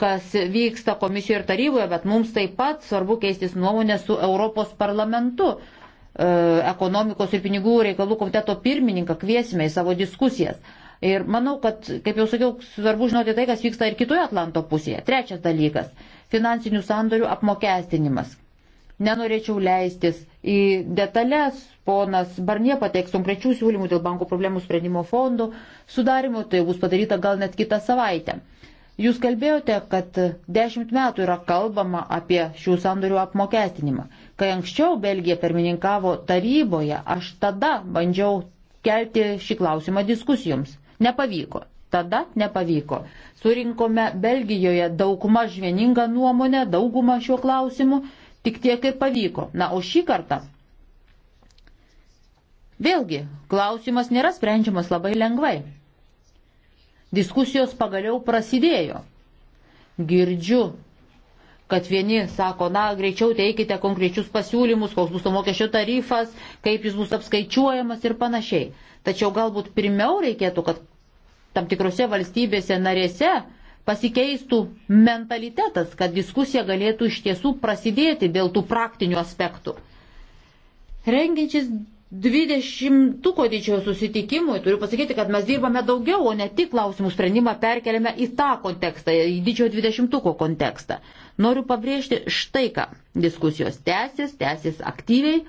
kas vyksta komisijoje ir taryboje, bet mums taip pat svarbu keistis nuomonę su Europos parlamentu. E, ekonomikos ir pinigų reikalų komiteto pirmininką kviesime į savo diskusijas. Ir manau, kad, kaip jau sakiau, svarbu žinoti tai, kas vyksta ir kitoje Atlanto pusėje. Trečias dalykas - finansinių sandorių apmokestinimas. Nenorėčiau leistis į detalės. Ponas Barnie pateiks konkrečių siūlymų dėl bankų problemų sprendimo fondų sudarimo, tai bus padaryta gal net kitą savaitę. Jūs kalbėjote, kad dešimt metų yra kalbama apie šių sandorių apmokestinimą. Kai anksčiau Belgija pirmininkavo taryboje, aš tada bandžiau kelti šį klausimą diskusijoms. Nepavyko. Tada nepavyko. Surinkome Belgijoje daugumą žveningą nuomonę, daugumą šiuo klausimu tik tiek, kaip pavyko. Na, o šį kartą. Vėlgi, klausimas nėra sprendžiamas labai lengvai. Diskusijos pagaliau prasidėjo. Girdžiu kad vieni sako, na, greičiau teikite konkrečius pasiūlymus, koks bus to mokesčio tarifas, kaip jis bus apskaičiuojamas ir panašiai. Tačiau galbūt pirmiau reikėtų, kad tam tikrose valstybėse narėse pasikeistų mentalitetas, kad diskusija galėtų iš tiesų prasidėti dėl tų praktinių aspektų. Rengiančiais 20-ko didžiojo susitikimui turiu pasakyti, kad mes dirbame daugiau, o ne tik klausimų sprendimą perkeliame į tą kontekstą, į didžiojo 20-ko kontekstą. Noriu pabrėžti štai ką. Diskusijos tęsis, tęsis aktyviai.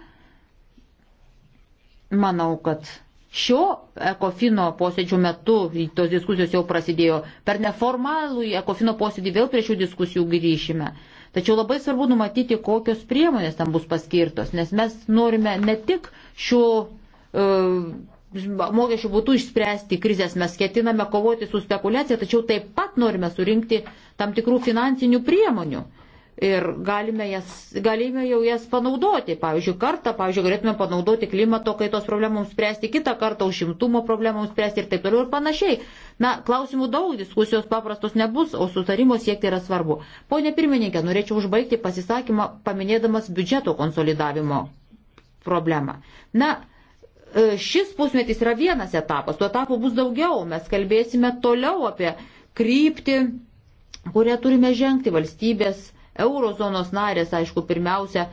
Manau, kad Šio ekofino posėdžio metu tos diskusijos jau prasidėjo. Per neformalų ekofino posėdį vėl prie šių diskusijų grįšime. Tačiau labai svarbu numatyti, kokios priemonės tam bus paskirtos, nes mes norime ne tik šių e, mokesčių būtų išspręsti krizės, mes ketiname kovoti su spekulacija, tačiau taip pat norime surinkti tam tikrų finansinių priemonių ir galime, jas, galime jau jas panaudoti. Pavyzdžiui, kartą, pavyzdžiui, galėtume panaudoti klimato kaitos problemams spręsti, kitą kartą užimtumo problemams spręsti ir taip toliau ir panašiai. Na, klausimų daug, diskusijos paprastos nebus, o sutarimo siekti yra svarbu. Pone pirmininkė, norėčiau užbaigti pasisakymą paminėdamas biudžeto konsolidavimo problemą. Na, e, šis pusmetis yra vienas etapas, tuo etapu bus daugiau, mes kalbėsime toliau apie kryptį, kurią turime žengti valstybės Eurozonos narės, aišku, pirmiausia,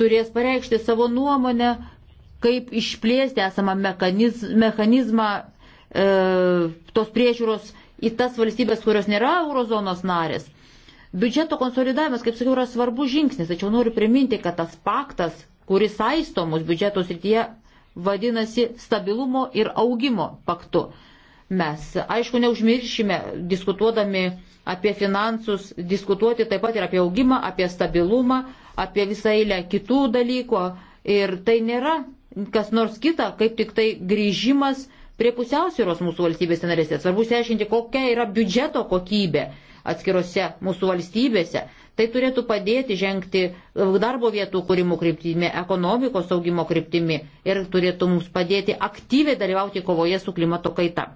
turės pareikšti savo nuomonę, kaip išplėsti esamą mechaniz, mechanizmą e, tos priežiūros į tas valstybės, kurios nėra eurozonos narės. Biudžeto konsolidavimas, kaip sakiau, yra svarbus žingsnis, tačiau noriu priminti, kad tas paktas, kuris saisto mus biudžeto srityje, vadinasi stabilumo ir augimo paktu. Mes, aišku, neužmiršime, diskutuodami apie finansus diskutuoti taip pat ir apie augimą, apie stabilumą, apie visą eilę kitų dalykų. Ir tai nėra kas nors kita, kaip tik tai grįžimas prie pusiausvėros mūsų valstybės narėse. Svarbu išsiaiškinti, kokia yra biudžeto kokybė atskirose mūsų valstybėse. Tai turėtų padėti žengti darbo vietų kūrimų kryptimi, ekonomikos augimo kryptimi ir turėtų mums padėti aktyviai dalyvauti kovoje su klimato kaita.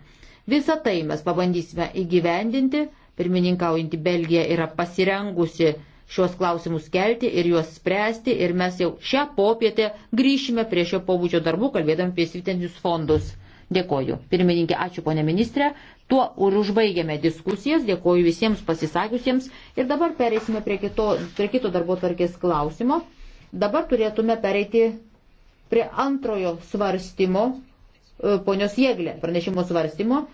Visą tai mes pabandysime įgyvendinti Pirmininkaujantį Belgiją yra pasirengusi šios klausimus kelti ir juos spręsti ir mes jau šią popietę grįšime prie šio pobūdžio darbų, kalbėdami apie svitinius fondus. Dėkoju. Pirmininkė, ačiū ponė ministrė. Tuo ir užbaigėme diskusijas. Dėkoju visiems pasisakiusiems. Ir dabar pereisime prie kito, prie kito darbo tvarkės klausimo. Dabar turėtume pereiti prie antrojo svarstymo, e, ponios Jėglė pranešimo svarstymo.